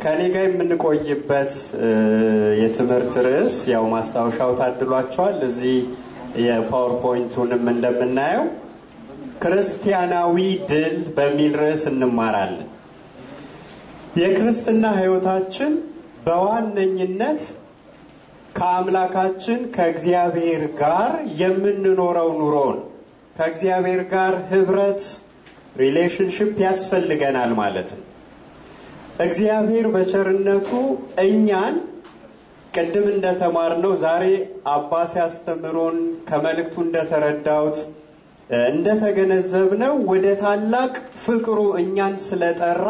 ከኔ ጋር የምንቆይበት የትምህርት ርዕስ ያው ማስታወሻው ታድሏቸዋል። እዚህ የፓወርፖይንቱንም እንደምናየው ክርስቲያናዊ ድል በሚል ርዕስ እንማራለን። የክርስትና ህይወታችን በዋነኝነት ከአምላካችን ከእግዚአብሔር ጋር የምንኖረው ኑሮን ከእግዚአብሔር ጋር ህብረት ሪሌሽንሽፕ ያስፈልገናል ማለት ነው። እግዚአብሔር በቸርነቱ እኛን ቅድም እንደተማርነው ዛሬ አባ ሲያስተምሮን ከመልእክቱ እንደተረዳሁት እንደተገነዘብነው ወደ ታላቅ ፍቅሩ እኛን ስለጠራ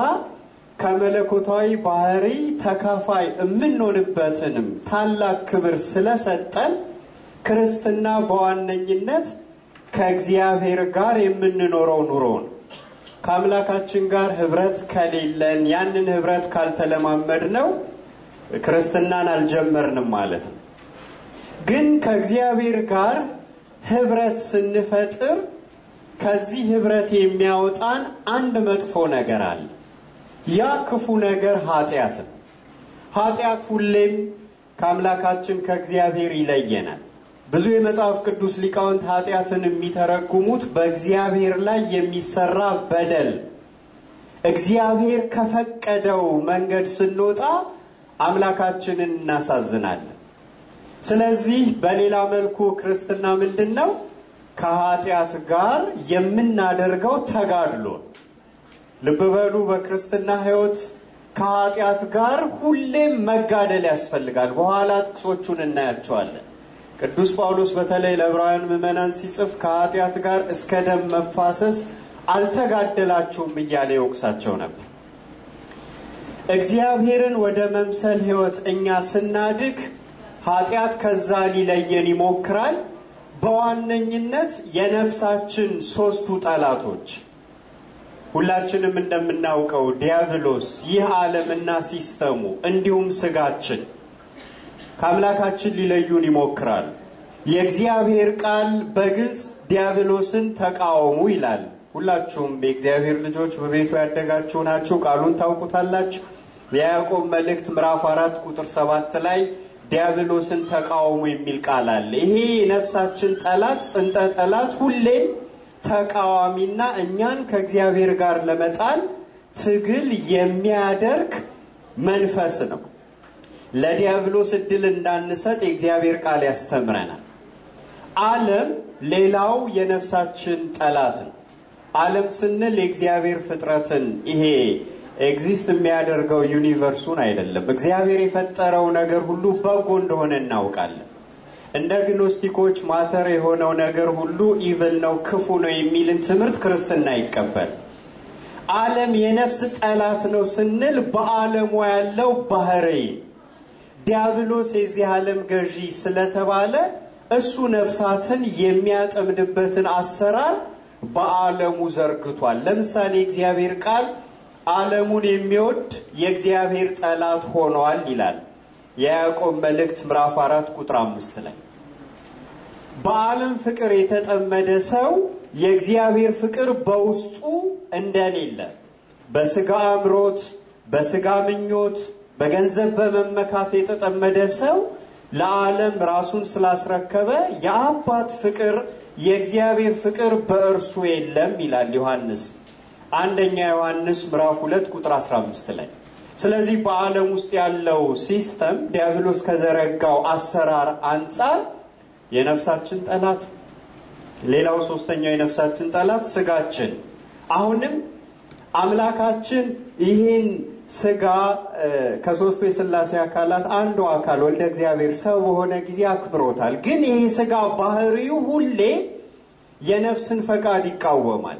ከመለኮታዊ ባህሪ ተካፋይ የምንሆንበትንም ታላቅ ክብር ስለሰጠን ክርስትና በዋነኝነት ከእግዚአብሔር ጋር የምንኖረው ኑሮ ነው። ከአምላካችን ጋር ህብረት ከሌለን ያንን ህብረት ካልተለማመድ ነው ክርስትናን አልጀመርንም ማለት ነው። ግን ከእግዚአብሔር ጋር ህብረት ስንፈጥር ከዚህ ህብረት የሚያወጣን አንድ መጥፎ ነገር አለ። ያ ክፉ ነገር ኃጢአት ነው። ኃጢአት ሁሌም ከአምላካችን ከእግዚአብሔር ይለየናል። ብዙ የመጽሐፍ ቅዱስ ሊቃውንት ኃጢአትን የሚተረጉሙት በእግዚአብሔር ላይ የሚሰራ በደል እግዚአብሔር ከፈቀደው መንገድ ስንወጣ አምላካችንን እናሳዝናለን። ስለዚህ በሌላ መልኩ ክርስትና ምንድን ነው? ከኃጢአት ጋር የምናደርገው ተጋድሎ። ልብ በሉ፣ በክርስትና ሕይወት ከኃጢአት ጋር ሁሌም መጋደል ያስፈልጋል። በኋላ ጥቅሶቹን እናያቸዋለን። ቅዱስ ጳውሎስ በተለይ ለዕብራውያን ምዕመናን ሲጽፍ ከኃጢአት ጋር እስከ ደም መፋሰስ አልተጋደላችሁም እያለ ይወቅሳቸው ነበር። እግዚአብሔርን ወደ መምሰል ሕይወት እኛ ስናድግ ኃጢአት ከዛ ሊለየን ይሞክራል። በዋነኝነት የነፍሳችን ሶስቱ ጠላቶች ሁላችንም እንደምናውቀው ዲያብሎስ፣ ይህ ዓለምና ሲስተሙ እንዲሁም ስጋችን ከአምላካችን ሊለዩን ይሞክራል። የእግዚአብሔር ቃል በግልጽ ዲያብሎስን ተቃወሙ ይላል። ሁላችሁም የእግዚአብሔር ልጆች በቤቱ ያደጋችሁ ናችሁ፣ ቃሉን ታውቁታላችሁ። የያዕቆብ መልእክት ምዕራፍ አራት ቁጥር ሰባት ላይ ዲያብሎስን ተቃወሙ የሚል ቃል አለ። ይሄ የነፍሳችን ጠላት ጥንጠ ጠላት ሁሌም ተቃዋሚና እኛን ከእግዚአብሔር ጋር ለመጣል ትግል የሚያደርግ መንፈስ ነው። ለዲያብሎስ እድል እንዳንሰጥ የእግዚአብሔር ቃል ያስተምረናል። ዓለም ሌላው የነፍሳችን ጠላት ነው። ዓለም ስንል የእግዚአብሔር ፍጥረትን ይሄ ኤግዚስት የሚያደርገው ዩኒቨርሱን አይደለም። እግዚአብሔር የፈጠረው ነገር ሁሉ በጎ እንደሆነ እናውቃለን። እንደ ግኖስቲኮች ማተር የሆነው ነገር ሁሉ ኢቭል ነው፣ ክፉ ነው የሚልን ትምህርት ክርስትና ይቀበል። ዓለም የነፍስ ጠላት ነው ስንል በዓለሙ ያለው ባህርይ ዲያብሎስ የዚህ ዓለም ገዢ ስለተባለ እሱ ነፍሳትን የሚያጠምድበትን አሰራር በዓለሙ ዘርግቷል። ለምሳሌ እግዚአብሔር ቃል ዓለሙን የሚወድ የእግዚአብሔር ጠላት ሆነዋል ይላል የያዕቆብ መልእክት ምዕራፍ አራት ቁጥር አምስት ላይ በዓለም ፍቅር የተጠመደ ሰው የእግዚአብሔር ፍቅር በውስጡ እንደሌለ በስጋ አምሮት፣ በስጋ ምኞት በገንዘብ በመመካት የተጠመደ ሰው ለዓለም ራሱን ስላስረከበ የአባት ፍቅር የእግዚአብሔር ፍቅር በእርሱ የለም ይላል ዮሐንስ አንደኛ ዮሐንስ ምዕራፍ 2 ቁጥር 15 ላይ። ስለዚህ በዓለም ውስጥ ያለው ሲስተም ዲያብሎስ ከዘረጋው አሰራር አንጻር የነፍሳችን ጠላት፣ ሌላው ሶስተኛው የነፍሳችን ጠላት ስጋችን አሁንም አምላካችን ይህን ስጋ ከሶስቱ የስላሴ አካላት አንዱ አካል ወልደ እግዚአብሔር ሰው በሆነ ጊዜ አክብሮታል። ግን ይሄ ስጋ ባህሪው ሁሌ የነፍስን ፈቃድ ይቃወማል።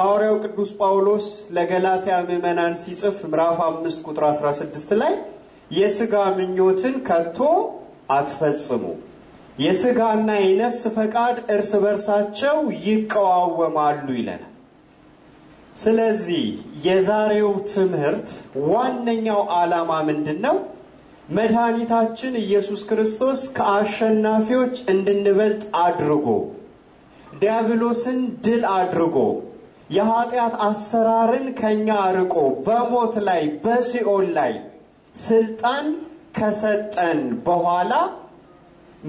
ሐዋርያው ቅዱስ ጳውሎስ ለገላትያ ምዕመናን ሲጽፍ ምዕራፍ 5 ቁጥር 16 ላይ የስጋ ምኞትን ከቶ አትፈጽሙ፣ የስጋና የነፍስ ፈቃድ እርስ በርሳቸው ይቀዋወማሉ ይለናል። ስለዚህ የዛሬው ትምህርት ዋነኛው ዓላማ ምንድን ነው? መድኃኒታችን ኢየሱስ ክርስቶስ ከአሸናፊዎች እንድንበልጥ አድርጎ ዲያብሎስን ድል አድርጎ የኃጢአት አሰራርን ከኛ አርቆ በሞት ላይ በሲኦል ላይ ስልጣን ከሰጠን በኋላ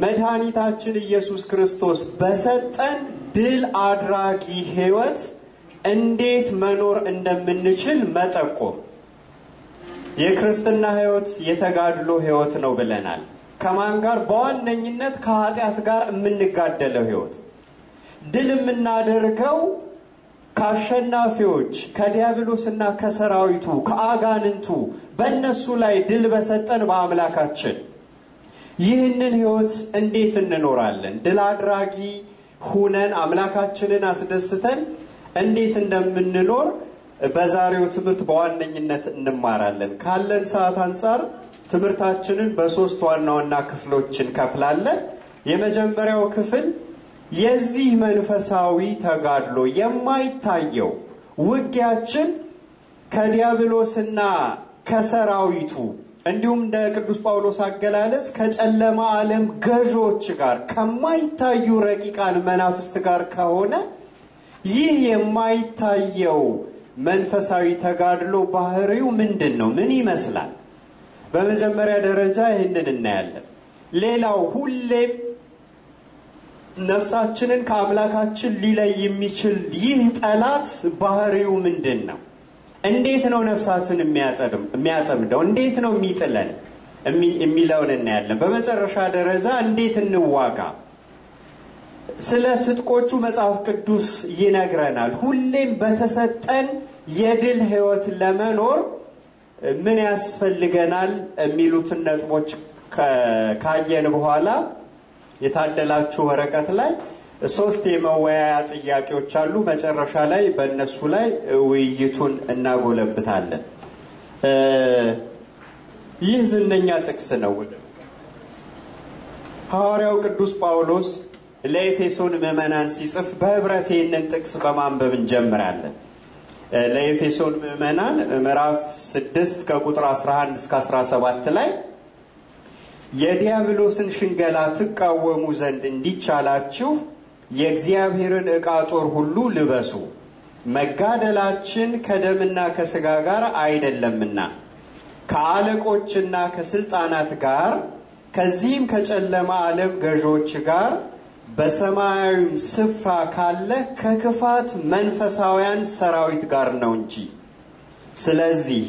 መድኃኒታችን ኢየሱስ ክርስቶስ በሰጠን ድል አድራጊ ሕይወት እንዴት መኖር እንደምንችል መጠቆም የክርስትና ህይወት የተጋድሎ ህይወት ነው ብለናል። ከማን ጋር? በዋነኝነት ከኃጢአት ጋር የምንጋደለው ህይወት ድል የምናደርገው ከአሸናፊዎች ከዲያብሎስና ከሰራዊቱ ከአጋንንቱ በእነሱ ላይ ድል በሰጠን በአምላካችን። ይህንን ህይወት እንዴት እንኖራለን? ድል አድራጊ ሁነን አምላካችንን አስደስተን እንዴት እንደምንኖር በዛሬው ትምህርት በዋነኝነት እንማራለን። ካለን ሰዓት አንጻር ትምህርታችንን በሶስት ዋና ዋና ክፍሎች እንከፍላለን። የመጀመሪያው ክፍል የዚህ መንፈሳዊ ተጋድሎ የማይታየው ውጊያችን ከዲያብሎስና ከሰራዊቱ እንዲሁም እንደ ቅዱስ ጳውሎስ አገላለጽ ከጨለማ ዓለም ገዦች ጋር ከማይታዩ ረቂቃን መናፍስት ጋር ከሆነ ይህ የማይታየው መንፈሳዊ ተጋድሎ ባህሪው ምንድን ነው? ምን ይመስላል? በመጀመሪያ ደረጃ ይህንን እናያለን። ሌላው ሁሌም ነፍሳችንን ከአምላካችን ሊለይ የሚችል ይህ ጠላት ባህሪው ምንድን ነው? እንዴት ነው ነፍሳትን የሚያጠምደው? እንዴት ነው የሚጥለን የሚለውን እናያለን። በመጨረሻ ደረጃ እንዴት እንዋጋ ስለ ትጥቆቹ መጽሐፍ ቅዱስ ይነግረናል። ሁሌም በተሰጠን የድል ህይወት ለመኖር ምን ያስፈልገናል የሚሉትን ነጥቦች ካየን በኋላ የታደላችሁ ወረቀት ላይ ሶስት የመወያያ ጥያቄዎች አሉ። መጨረሻ ላይ በእነሱ ላይ ውይይቱን እናጎለብታለን። ይህ ዝነኛ ጥቅስ ነው። ሐዋርያው ቅዱስ ጳውሎስ ለኤፌሶን ምእመናን ሲጽፍ በህብረት ይህንን ጥቅስ በማንበብ እንጀምራለን። ለኤፌሶን ምእመናን ምዕራፍ 6 ከቁጥር 11 እስከ 17 ላይ የዲያብሎስን ሽንገላ ትቃወሙ ዘንድ እንዲቻላችሁ የእግዚአብሔርን ዕቃ ጦር ሁሉ ልበሱ፣ መጋደላችን ከደምና ከሥጋ ጋር አይደለምና ከአለቆችና ከሥልጣናት ጋር ከዚህም ከጨለማ ዓለም ገዦች ጋር በሰማያዊም ስፍራ ካለ ከክፋት መንፈሳውያን ሰራዊት ጋር ነው እንጂ። ስለዚህ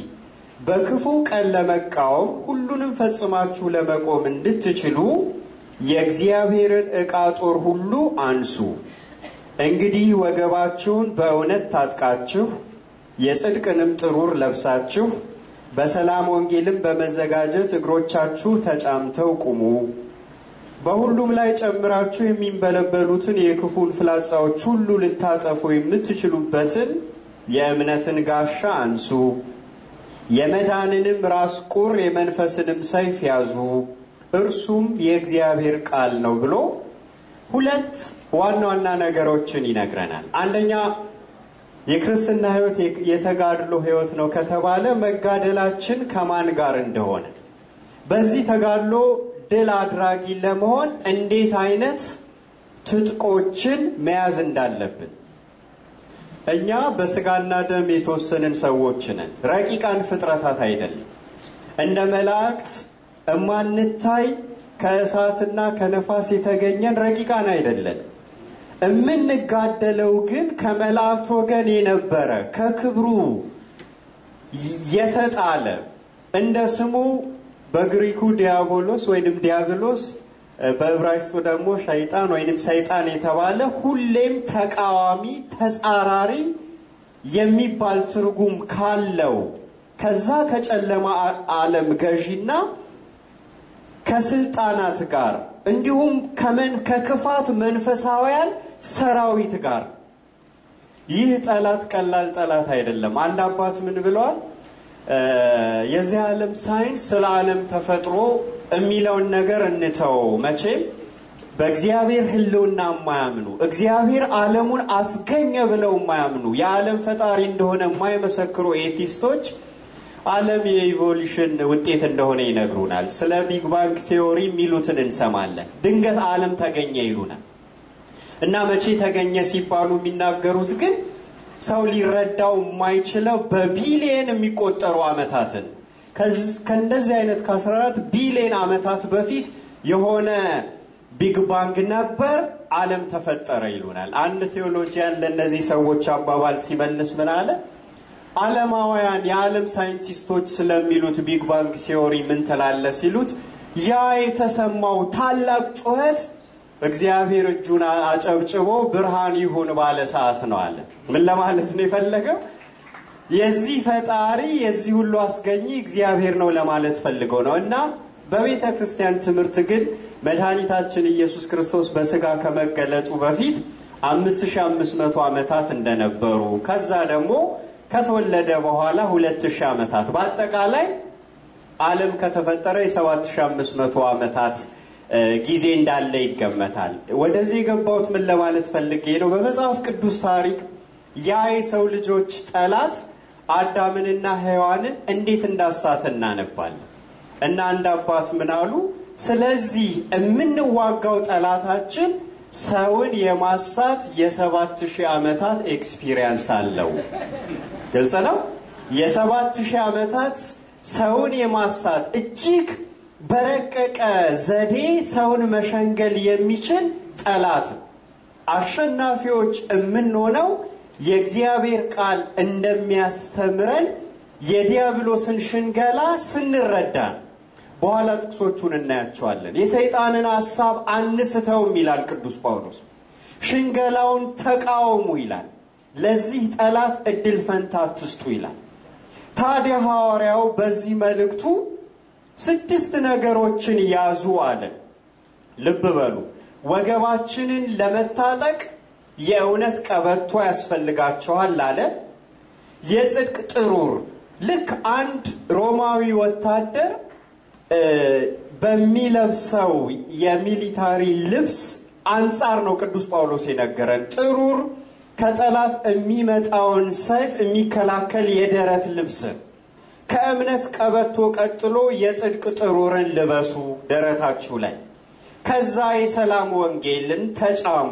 በክፉ ቀን ለመቃወም ሁሉንም ፈጽማችሁ ለመቆም እንድትችሉ የእግዚአብሔርን ዕቃ ጦር ሁሉ አንሱ። እንግዲህ ወገባችሁን በእውነት ታጥቃችሁ የጽድቅንም ጥሩር ለብሳችሁ በሰላም ወንጌልም በመዘጋጀት እግሮቻችሁ ተጫምተው ቁሙ። በሁሉም ላይ ጨምራችሁ የሚንበለበሉትን የክፉን ፍላጻዎች ሁሉ ልታጠፉ የምትችሉበትን የእምነትን ጋሻ አንሱ፣ የመዳንንም ራስ ቁር የመንፈስንም ሰይፍ ያዙ፣ እርሱም የእግዚአብሔር ቃል ነው ብሎ ሁለት ዋና ዋና ነገሮችን ይነግረናል። አንደኛ የክርስትና ህይወት የተጋድሎ ህይወት ነው ከተባለ መጋደላችን ከማን ጋር እንደሆነ በዚህ ተጋድሎ ድል አድራጊ ለመሆን እንዴት አይነት ትጥቆችን መያዝ እንዳለብን እኛ በስጋና ደም የተወሰንን ሰዎች ነን። ረቂቃን ፍጥረታት አይደለም። እንደ መላእክት እማንታይ ከእሳትና ከነፋስ የተገኘን ረቂቃን አይደለን። እምንጋደለው ግን ከመላእክት ወገን የነበረ ከክብሩ የተጣለ እንደ ስሙ በግሪኩ ዲያቦሎስ ወይንም ዲያብሎስ በዕብራይስጡ ደግሞ ሸይጣን ወይንም ሰይጣን የተባለ ሁሌም ተቃዋሚ፣ ተጻራሪ የሚባል ትርጉም ካለው ከዛ ከጨለማ ዓለም ገዢና ከስልጣናት ጋር እንዲሁም ከመን ከክፋት መንፈሳውያን ሰራዊት ጋር ይህ ጠላት ቀላል ጠላት አይደለም። አንድ አባት ምን ብለዋል? የዚህ ዓለም ሳይንስ ስለ ዓለም ተፈጥሮ የሚለውን ነገር እንተው። መቼም በእግዚአብሔር ሕልውና የማያምኑ እግዚአብሔር ዓለሙን አስገኘ ብለው የማያምኑ የዓለም ፈጣሪ እንደሆነ የማይመሰክሩ ኤቲስቶች ዓለም የኢቮሉሽን ውጤት እንደሆነ ይነግሩናል። ስለ ቢግ ባንግ ቴዎሪ የሚሉትን እንሰማለን። ድንገት ዓለም ተገኘ ይሉናል እና መቼ ተገኘ ሲባሉ የሚናገሩት ግን ሰው ሊረዳው የማይችለው በቢሊየን የሚቆጠሩ አመታትን ከእንደዚህ አይነት ከ14 ቢሊየን አመታት በፊት የሆነ ቢግ ባንግ ነበር፣ አለም ተፈጠረ ይሉናል። አንድ ቴዎሎጂያን ለእነዚህ ሰዎች አባባል ሲመልስ ምን አለ? አለማውያን የዓለም ሳይንቲስቶች ስለሚሉት ቢግ ባንግ ቴዎሪ ምን ተላለ ሲሉት ያ የተሰማው ታላቅ ጩኸት እግዚአብሔር እጁን አጨብጭቦ ብርሃን ይሁን ባለ ሰዓት ነው አለ። ምን ለማለት ነው የፈለገው? የዚህ ፈጣሪ የዚህ ሁሉ አስገኝ እግዚአብሔር ነው ለማለት ፈልገው ነው እና በቤተ ክርስቲያን ትምህርት ግን መድኃኒታችን ኢየሱስ ክርስቶስ በስጋ ከመገለጡ በፊት 5500 ዓመታት እንደነበሩ ከዛ ደግሞ ከተወለደ በኋላ 2000 ዓመታት በአጠቃላይ ዓለም ከተፈጠረ የ7500 ዓመታት ጊዜ እንዳለ ይገመታል። ወደዚህ የገባሁት ምን ለማለት ፈልጌ ነው? በመጽሐፍ ቅዱስ ታሪክ ያ የሰው ልጆች ጠላት አዳምንና ሔዋንን እንዴት እንዳሳት እናነባለን እና አንድ አባት ምን አሉ? ስለዚህ የምንዋጋው ጠላታችን ሰውን የማሳት የሰባት ሺህ ዓመታት ኤክስፒሪየንስ አለው። ግልጽ ነው። የሰባት ሺህ ዓመታት ሰውን የማሳት እጅግ በረቀቀ ዘዴ ሰውን መሸንገል የሚችል ጠላት ነው። አሸናፊዎች የምንሆነው የእግዚአብሔር ቃል እንደሚያስተምረን የዲያብሎስን ሽንገላ ስንረዳ በኋላ ጥቅሶቹን እናያቸዋለን። የሰይጣንን ሐሳብ አንስተውም ይላል ቅዱስ ጳውሎስ። ሽንገላውን ተቃወሙ ይላል። ለዚህ ጠላት እድል ፈንታ አትስጡ ይላል። ታዲያ ሐዋርያው በዚህ መልእክቱ ስድስት ነገሮችን ያዙ አለ። ልብ በሉ። ወገባችንን ለመታጠቅ የእውነት ቀበቶ ያስፈልጋቸዋል አለ። የጽድቅ ጥሩር ልክ አንድ ሮማዊ ወታደር በሚለብሰው የሚሊታሪ ልብስ አንጻር ነው ቅዱስ ጳውሎስ የነገረን። ጥሩር ከጠላት የሚመጣውን ሰይፍ የሚከላከል የደረት ልብስ ከእምነት ቀበቶ ቀጥሎ የጽድቅ ጥሩርን ልበሱ ደረታችሁ ላይ፣ ከዛ የሰላም ወንጌልን ተጫሙ።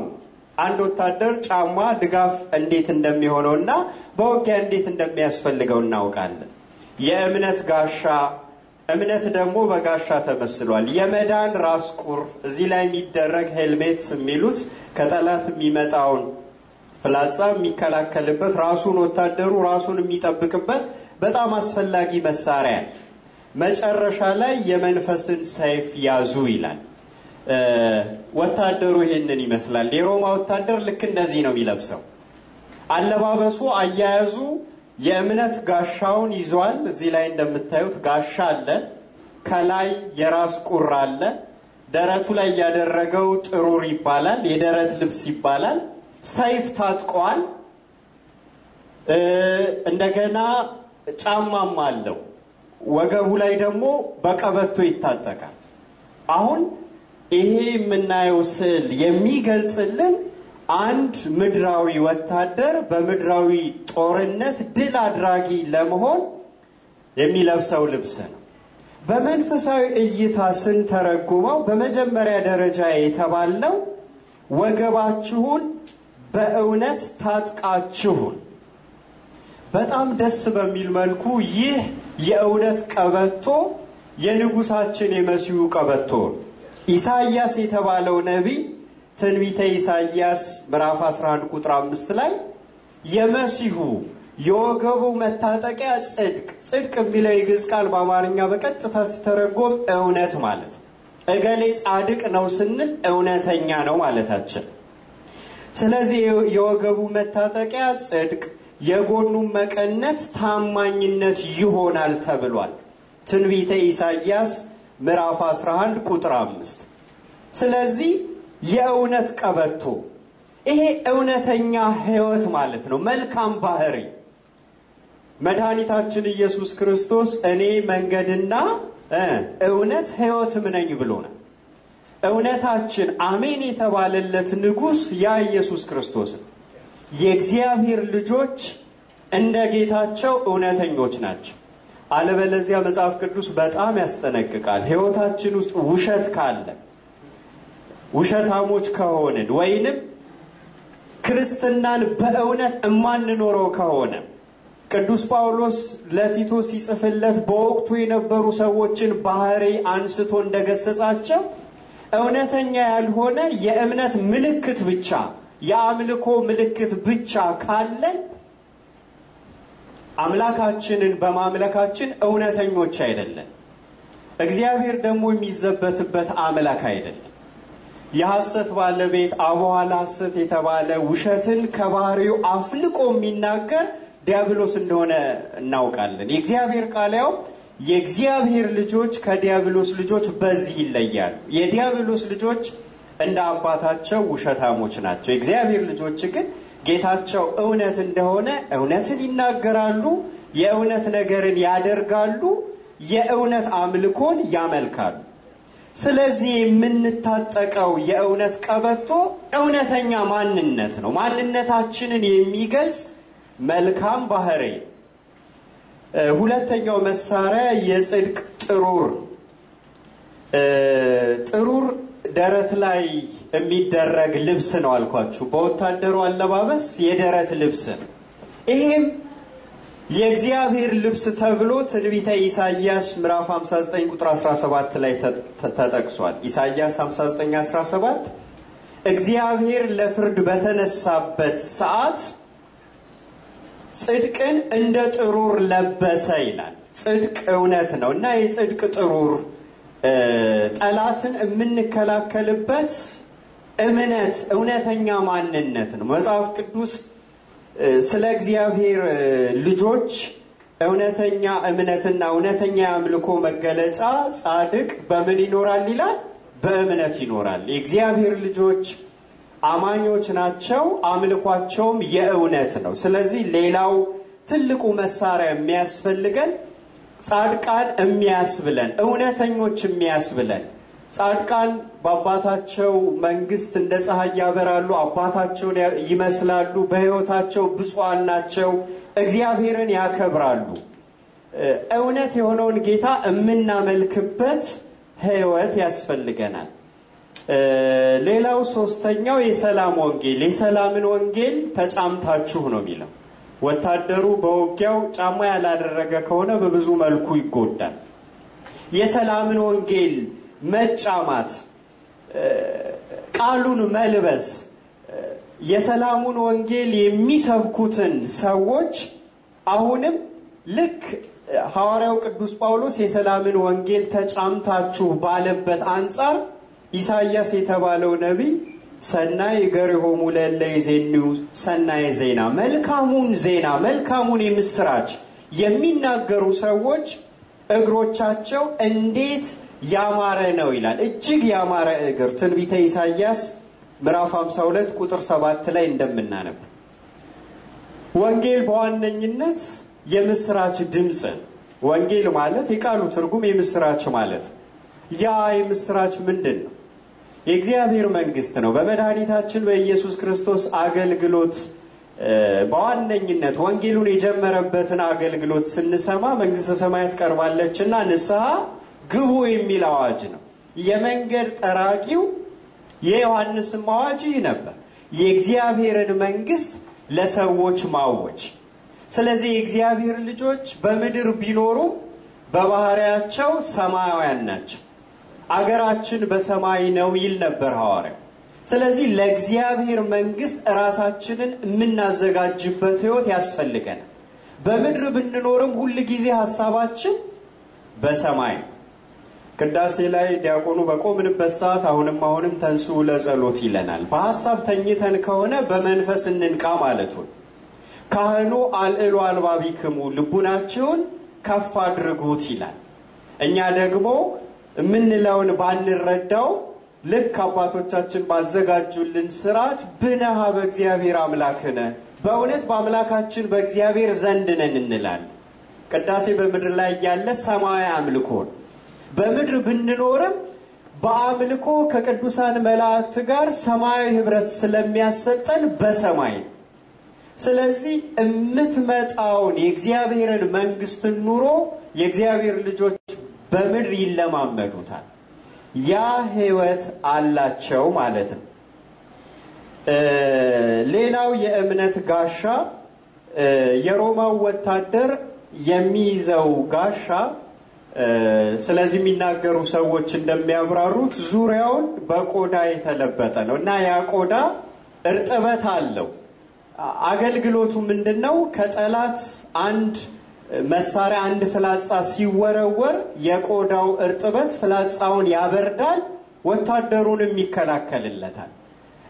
አንድ ወታደር ጫማ ድጋፍ እንዴት እንደሚሆነውና በውጊያ እንዴት እንደሚያስፈልገው እናውቃለን። የእምነት ጋሻ እምነት ደግሞ በጋሻ ተመስሏል። የመዳን ራስ ቁር እዚህ ላይ የሚደረግ ሄልሜት የሚሉት ከጠላት የሚመጣውን ፍላጻ የሚከላከልበት ራሱን ወታደሩ ራሱን የሚጠብቅበት በጣም አስፈላጊ መሳሪያ መጨረሻ ላይ የመንፈስን ሰይፍ ያዙ ይላል። ወታደሩ ይህንን ይመስላል። የሮማ ወታደር ልክ እንደዚህ ነው የሚለብሰው። አለባበሱ፣ አያያዙ የእምነት ጋሻውን ይዟል። እዚህ ላይ እንደምታዩት ጋሻ አለ። ከላይ የራስ ቁር አለ። ደረቱ ላይ ያደረገው ጥሩር ይባላል፣ የደረት ልብስ ይባላል። ሰይፍ ታጥቋል። እንደገና ጫማም አለው። ወገቡ ላይ ደግሞ በቀበቶ ይታጠቃል። አሁን ይሄ የምናየው ስዕል የሚገልጽልን አንድ ምድራዊ ወታደር በምድራዊ ጦርነት ድል አድራጊ ለመሆን የሚለብሰው ልብስ ነው። በመንፈሳዊ እይታ ስንተረጉመው በመጀመሪያ ደረጃ የተባለው ወገባችሁን በእውነት ታጥቃችሁን በጣም ደስ በሚል መልኩ ይህ የእውነት ቀበቶ የንጉሳችን የመሲሁ ቀበቶ ኢሳይያስ የተባለው ነቢይ ትንቢተ ኢሳይያስ ምዕራፍ 11 ቁጥር 5 ላይ የመሲሁ የወገቡ መታጠቂያ ጽድቅ ጽድቅ የሚለው የግዕዝ ቃል በአማርኛ በቀጥታ ሲተረጎም እውነት ማለት እገሌ ጻድቅ ነው ስንል እውነተኛ ነው ማለታችን። ስለዚህ የወገቡ መታጠቂያ ጽድቅ የጎኑን መቀነት ታማኝነት ይሆናል ተብሏል። ትንቢተ ኢሳይያስ ምዕራፍ 11 ቁጥር 5። ስለዚህ የእውነት ቀበቶ ይሄ እውነተኛ ህይወት ማለት ነው። መልካም ባህሪ መድኃኒታችን ኢየሱስ ክርስቶስ እኔ መንገድና እውነት ሕይወትም ነኝ ነው እውነታችን አሜን የተባለለት ንጉሥ ያ ኢየሱስ ክርስቶስ ነው። የእግዚአብሔር ልጆች እንደ ጌታቸው እውነተኞች ናቸው። አለበለዚያ መጽሐፍ ቅዱስ በጣም ያስጠነቅቃል። ሕይወታችን ውስጥ ውሸት ካለ ውሸታሞች ከሆንን ወይንም ክርስትናን በእውነት እማንኖረው ከሆነ ቅዱስ ጳውሎስ ለቲቶ ሲጽፍለት በወቅቱ የነበሩ ሰዎችን ባህሪ አንስቶ እንደገሰጻቸው እውነተኛ ያልሆነ የእምነት ምልክት ብቻ የአምልኮ ምልክት ብቻ ካለን አምላካችንን በማምለካችን እውነተኞች አይደለን። እግዚአብሔር ደግሞ የሚዘበትበት አምላክ አይደለም። የሐሰት ባለቤት አበኋላ ሐሰት የተባለ ውሸትን ከባህሪው አፍልቆ የሚናገር ዲያብሎስ እንደሆነ እናውቃለን። የእግዚአብሔር ቃል ያው የእግዚአብሔር ልጆች ከዲያብሎስ ልጆች በዚህ ይለያሉ። የዲያብሎስ ልጆች እንደ አባታቸው ውሸታሞች ናቸው። የእግዚአብሔር ልጆች ግን ጌታቸው እውነት እንደሆነ እውነትን ይናገራሉ፣ የእውነት ነገርን ያደርጋሉ፣ የእውነት አምልኮን ያመልካሉ። ስለዚህ የምንታጠቀው የእውነት ቀበቶ እውነተኛ ማንነት ነው። ማንነታችንን የሚገልጽ መልካም ባህሬ። ሁለተኛው መሳሪያ የጽድቅ ጥሩር ጥሩር ደረት ላይ የሚደረግ ልብስ ነው አልኳችሁ። በወታደሩ አለባበስ የደረት ልብስ ነው። ይሄም የእግዚአብሔር ልብስ ተብሎ ትንቢተ ኢሳይያስ ምዕራፍ 59 ቁጥር 17 ላይ ተጠቅሷል። ኢሳይያስ 59 17 እግዚአብሔር ለፍርድ በተነሳበት ሰዓት ጽድቅን እንደ ጥሩር ለበሰ ይላል። ጽድቅ እውነት ነው እና የጽድቅ ጥሩር ጠላትን የምንከላከልበት እምነት እውነተኛ ማንነት ነው። መጽሐፍ ቅዱስ ስለ እግዚአብሔር ልጆች እውነተኛ እምነትና እውነተኛ የአምልኮ መገለጫ ጻድቅ በምን ይኖራል ይላል? በእምነት ይኖራል። የእግዚአብሔር ልጆች አማኞች ናቸው፣ አምልኳቸውም የእውነት ነው። ስለዚህ ሌላው ትልቁ መሳሪያ የሚያስፈልገን ጻድቃን የሚያስብለን እውነተኞች የሚያስብለን ጻድቃን በአባታቸው መንግስት እንደ ፀሐይ ያበራሉ፣ አባታቸውን ይመስላሉ፣ በሕይወታቸው ብፁዓን ናቸው፣ እግዚአብሔርን ያከብራሉ። እውነት የሆነውን ጌታ የምናመልክበት ሕይወት ያስፈልገናል። ሌላው ሶስተኛው የሰላም ወንጌል የሰላምን ወንጌል ተጫምታችሁ ነው የሚለው ወታደሩ በውጊያው ጫማ ያላደረገ ከሆነ በብዙ መልኩ ይጎዳል። የሰላምን ወንጌል መጫማት፣ ቃሉን መልበስ፣ የሰላሙን ወንጌል የሚሰብኩትን ሰዎች አሁንም ልክ ሐዋርያው ቅዱስ ጳውሎስ የሰላምን ወንጌል ተጫምታችሁ ባለበት አንጻር ኢሳያስ የተባለው ነቢይ ሰናይ ገሪሆሙ ለለ ይዜንዩ ሰናይ ዜና መልካሙን ዜና መልካሙን የምስራች የሚናገሩ ሰዎች እግሮቻቸው እንዴት ያማረ ነው ይላል። እጅግ ያማረ እግር ትንቢተ ኢሳይያስ ምዕራፍ 52 ቁጥር 7 ላይ እንደምናነብ ወንጌል በዋነኝነት የምስራች ድምፅ ወንጌል ማለት የቃሉ ትርጉም የምስራች ማለት ያ የምስራች ምንድን ነው? የእግዚአብሔር መንግስት ነው። በመድኃኒታችን በኢየሱስ ክርስቶስ አገልግሎት በዋነኝነት ወንጌሉን የጀመረበትን አገልግሎት ስንሰማ መንግስተ ሰማያት ቀርባለችና ንስሐ ግቡ የሚል አዋጅ ነው። የመንገድ ጠራቂው የዮሐንስም አዋጅ ነበር፣ የእግዚአብሔርን መንግስት ለሰዎች ማወጅ። ስለዚህ የእግዚአብሔር ልጆች በምድር ቢኖሩም በባህሪያቸው ሰማያውያን ናቸው። አገራችን በሰማይ ነው ይል ነበር ሐዋርያ። ስለዚህ ለእግዚአብሔር መንግስት ራሳችንን የምናዘጋጅበት ህይወት ያስፈልገናል። በምድር ብንኖርም ሁል ጊዜ ሀሳባችን በሰማይ ነው። ቅዳሴ ላይ ዲያቆኑ በቆምንበት ሰዓት አሁንም አሁንም ተንሱ ለጸሎት ይለናል። በሀሳብ ተኝተን ከሆነ በመንፈስ እንንቃ ማለቱ ካህኑ አልዕሎ አልባቢክሙ ልቡናችሁን ከፍ አድርጉት ይላል። እኛ ደግሞ የምንለውን ባንረዳው ልክ አባቶቻችን ባዘጋጁልን ስርዓት ብነሃ በእግዚአብሔር አምላክ ነ በእውነት በአምላካችን በእግዚአብሔር ዘንድ ነን እንላለን። ቅዳሴ በምድር ላይ ያለ ሰማያዊ አምልኮን በምድር ብንኖርም በአምልኮ ከቅዱሳን መላእክት ጋር ሰማያዊ ህብረት ስለሚያሰጠን በሰማይ ስለዚህ የምትመጣውን የእግዚአብሔርን መንግስትን ኑሮ የእግዚአብሔር ልጆች በምድር ይለማመዱታል። ያ ህይወት አላቸው ማለት ነው። ሌላው የእምነት ጋሻ የሮማው ወታደር የሚይዘው ጋሻ ስለዚህ የሚናገሩ ሰዎች እንደሚያብራሩት ዙሪያውን በቆዳ የተለበጠ ነው እና ያ ቆዳ እርጥበት አለው። አገልግሎቱ ምንድን ነው? ከጠላት አንድ መሳሪያ አንድ ፍላጻ ሲወረወር የቆዳው እርጥበት ፍላጻውን ያበርዳል፣ ወታደሩንም ይከላከልለታል።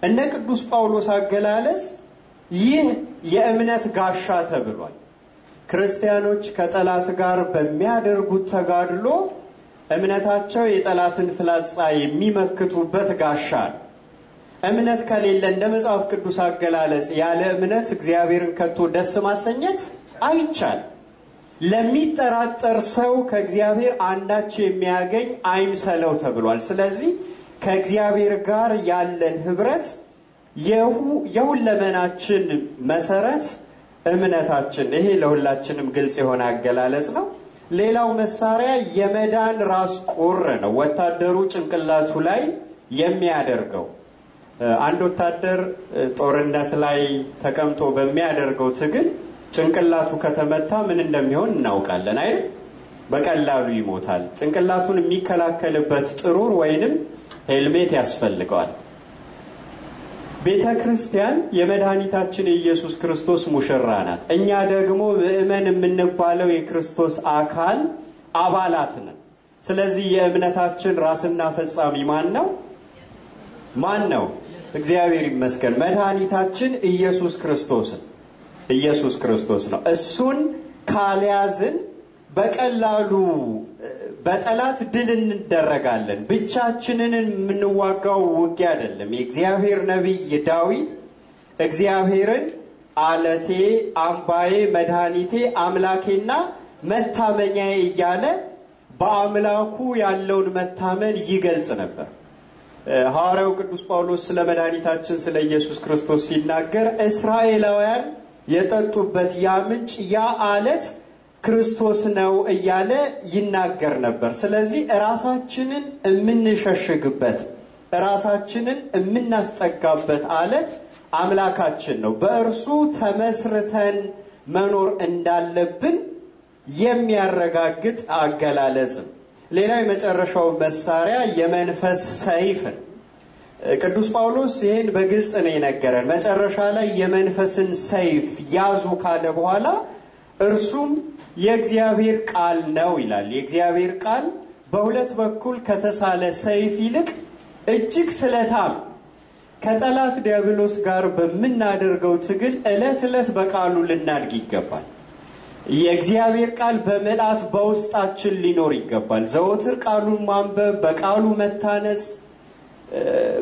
እንደ ቅዱስ ጳውሎስ አገላለጽ ይህ የእምነት ጋሻ ተብሏል። ክርስቲያኖች ከጠላት ጋር በሚያደርጉት ተጋድሎ እምነታቸው የጠላትን ፍላጻ የሚመክቱበት ጋሻ ነው። እምነት ከሌለ እንደ መጽሐፍ ቅዱስ አገላለጽ ያለ እምነት እግዚአብሔርን ከቶ ደስ ማሰኘት አይቻልም። ለሚጠራጠር ሰው ከእግዚአብሔር አንዳች የሚያገኝ አይምሰለው ተብሏል። ስለዚህ ከእግዚአብሔር ጋር ያለን ህብረት የሁለመናችን መሰረት እምነታችን። ይሄ ለሁላችንም ግልጽ የሆነ አገላለጽ ነው። ሌላው መሳሪያ የመዳን ራስ ቁር ነው። ወታደሩ ጭንቅላቱ ላይ የሚያደርገው አንድ ወታደር ጦርነት ላይ ተቀምጦ በሚያደርገው ትግል ጭንቅላቱ ከተመታ ምን እንደሚሆን እናውቃለን አይደል? በቀላሉ ይሞታል። ጭንቅላቱን የሚከላከልበት ጥሩር ወይንም ሄልሜት ያስፈልገዋል። ቤተ ክርስቲያን የመድኃኒታችን የኢየሱስ ክርስቶስ ሙሽራ ናት። እኛ ደግሞ ምእመን የምንባለው የክርስቶስ አካል አባላት ነን። ስለዚህ የእምነታችን ራስና ፈጻሚ ማን ነው? ማን ነው? እግዚአብሔር ይመስገን መድኃኒታችን ኢየሱስ ክርስቶስን ኢየሱስ ክርስቶስ ነው። እሱን ካልያዝን በቀላሉ በጠላት ድል እንደረጋለን። ብቻችንን የምንዋጋው ውጊያ አይደለም። የእግዚአብሔር ነቢይ ዳዊት እግዚአብሔርን አለቴ፣ አምባዬ፣ መድኃኒቴ፣ አምላኬና መታመኛዬ እያለ በአምላኩ ያለውን መታመን ይገልጽ ነበር። ሐዋርያው ቅዱስ ጳውሎስ ስለ መድኃኒታችን ስለ ኢየሱስ ክርስቶስ ሲናገር እስራኤላውያን የጠጡበት ያ ምንጭ ያ አለት ክርስቶስ ነው እያለ ይናገር ነበር። ስለዚህ ራሳችንን የምንሸሽግበት ራሳችንን የምናስጠጋበት አለት አምላካችን ነው። በእርሱ ተመስርተን መኖር እንዳለብን የሚያረጋግጥ አገላለጽም ሌላ የመጨረሻው መሳሪያ የመንፈስ ሰይፍን ቅዱስ ጳውሎስ ይህን በግልጽ ነው የነገረን። መጨረሻ ላይ የመንፈስን ሰይፍ ያዙ ካለ በኋላ እርሱም የእግዚአብሔር ቃል ነው ይላል። የእግዚአብሔር ቃል በሁለት በኩል ከተሳለ ሰይፍ ይልቅ እጅግ ስለታም ከጠላት ዲያብሎስ ጋር በምናደርገው ትግል ዕለት ዕለት በቃሉ ልናድግ ይገባል። የእግዚአብሔር ቃል በምልአት በውስጣችን ሊኖር ይገባል። ዘወትር ቃሉን ማንበብ፣ በቃሉ መታነጽ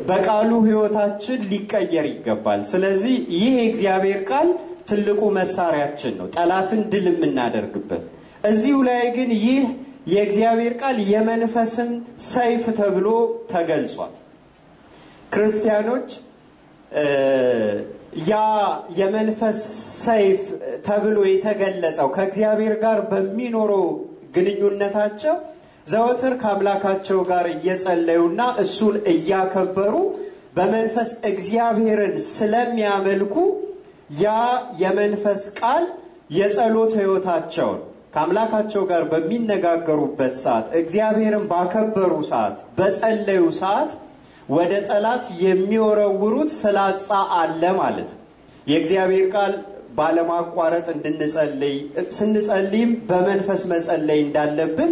በቃሉ ህይወታችን ሊቀየር ይገባል። ስለዚህ ይህ የእግዚአብሔር ቃል ትልቁ መሳሪያችን ነው፣ ጠላትን ድል የምናደርግበት። እዚሁ ላይ ግን ይህ የእግዚአብሔር ቃል የመንፈስን ሰይፍ ተብሎ ተገልጿል። ክርስቲያኖች ያ የመንፈስ ሰይፍ ተብሎ የተገለጸው ከእግዚአብሔር ጋር በሚኖረው ግንኙነታቸው ዘወትር ከአምላካቸው ጋር እየጸለዩና እሱን እያከበሩ በመንፈስ እግዚአብሔርን ስለሚያመልኩ ያ የመንፈስ ቃል የጸሎት ህይወታቸው ከአምላካቸው ጋር በሚነጋገሩበት ሰዓት እግዚአብሔርን ባከበሩ ሰዓት በጸለዩ ሰዓት ወደ ጠላት የሚወረውሩት ፍላጻ አለ ማለት ነው። የእግዚአብሔር ቃል ባለማቋረጥ እንድንጸልይ ስንጸልይም በመንፈስ መጸለይ እንዳለብን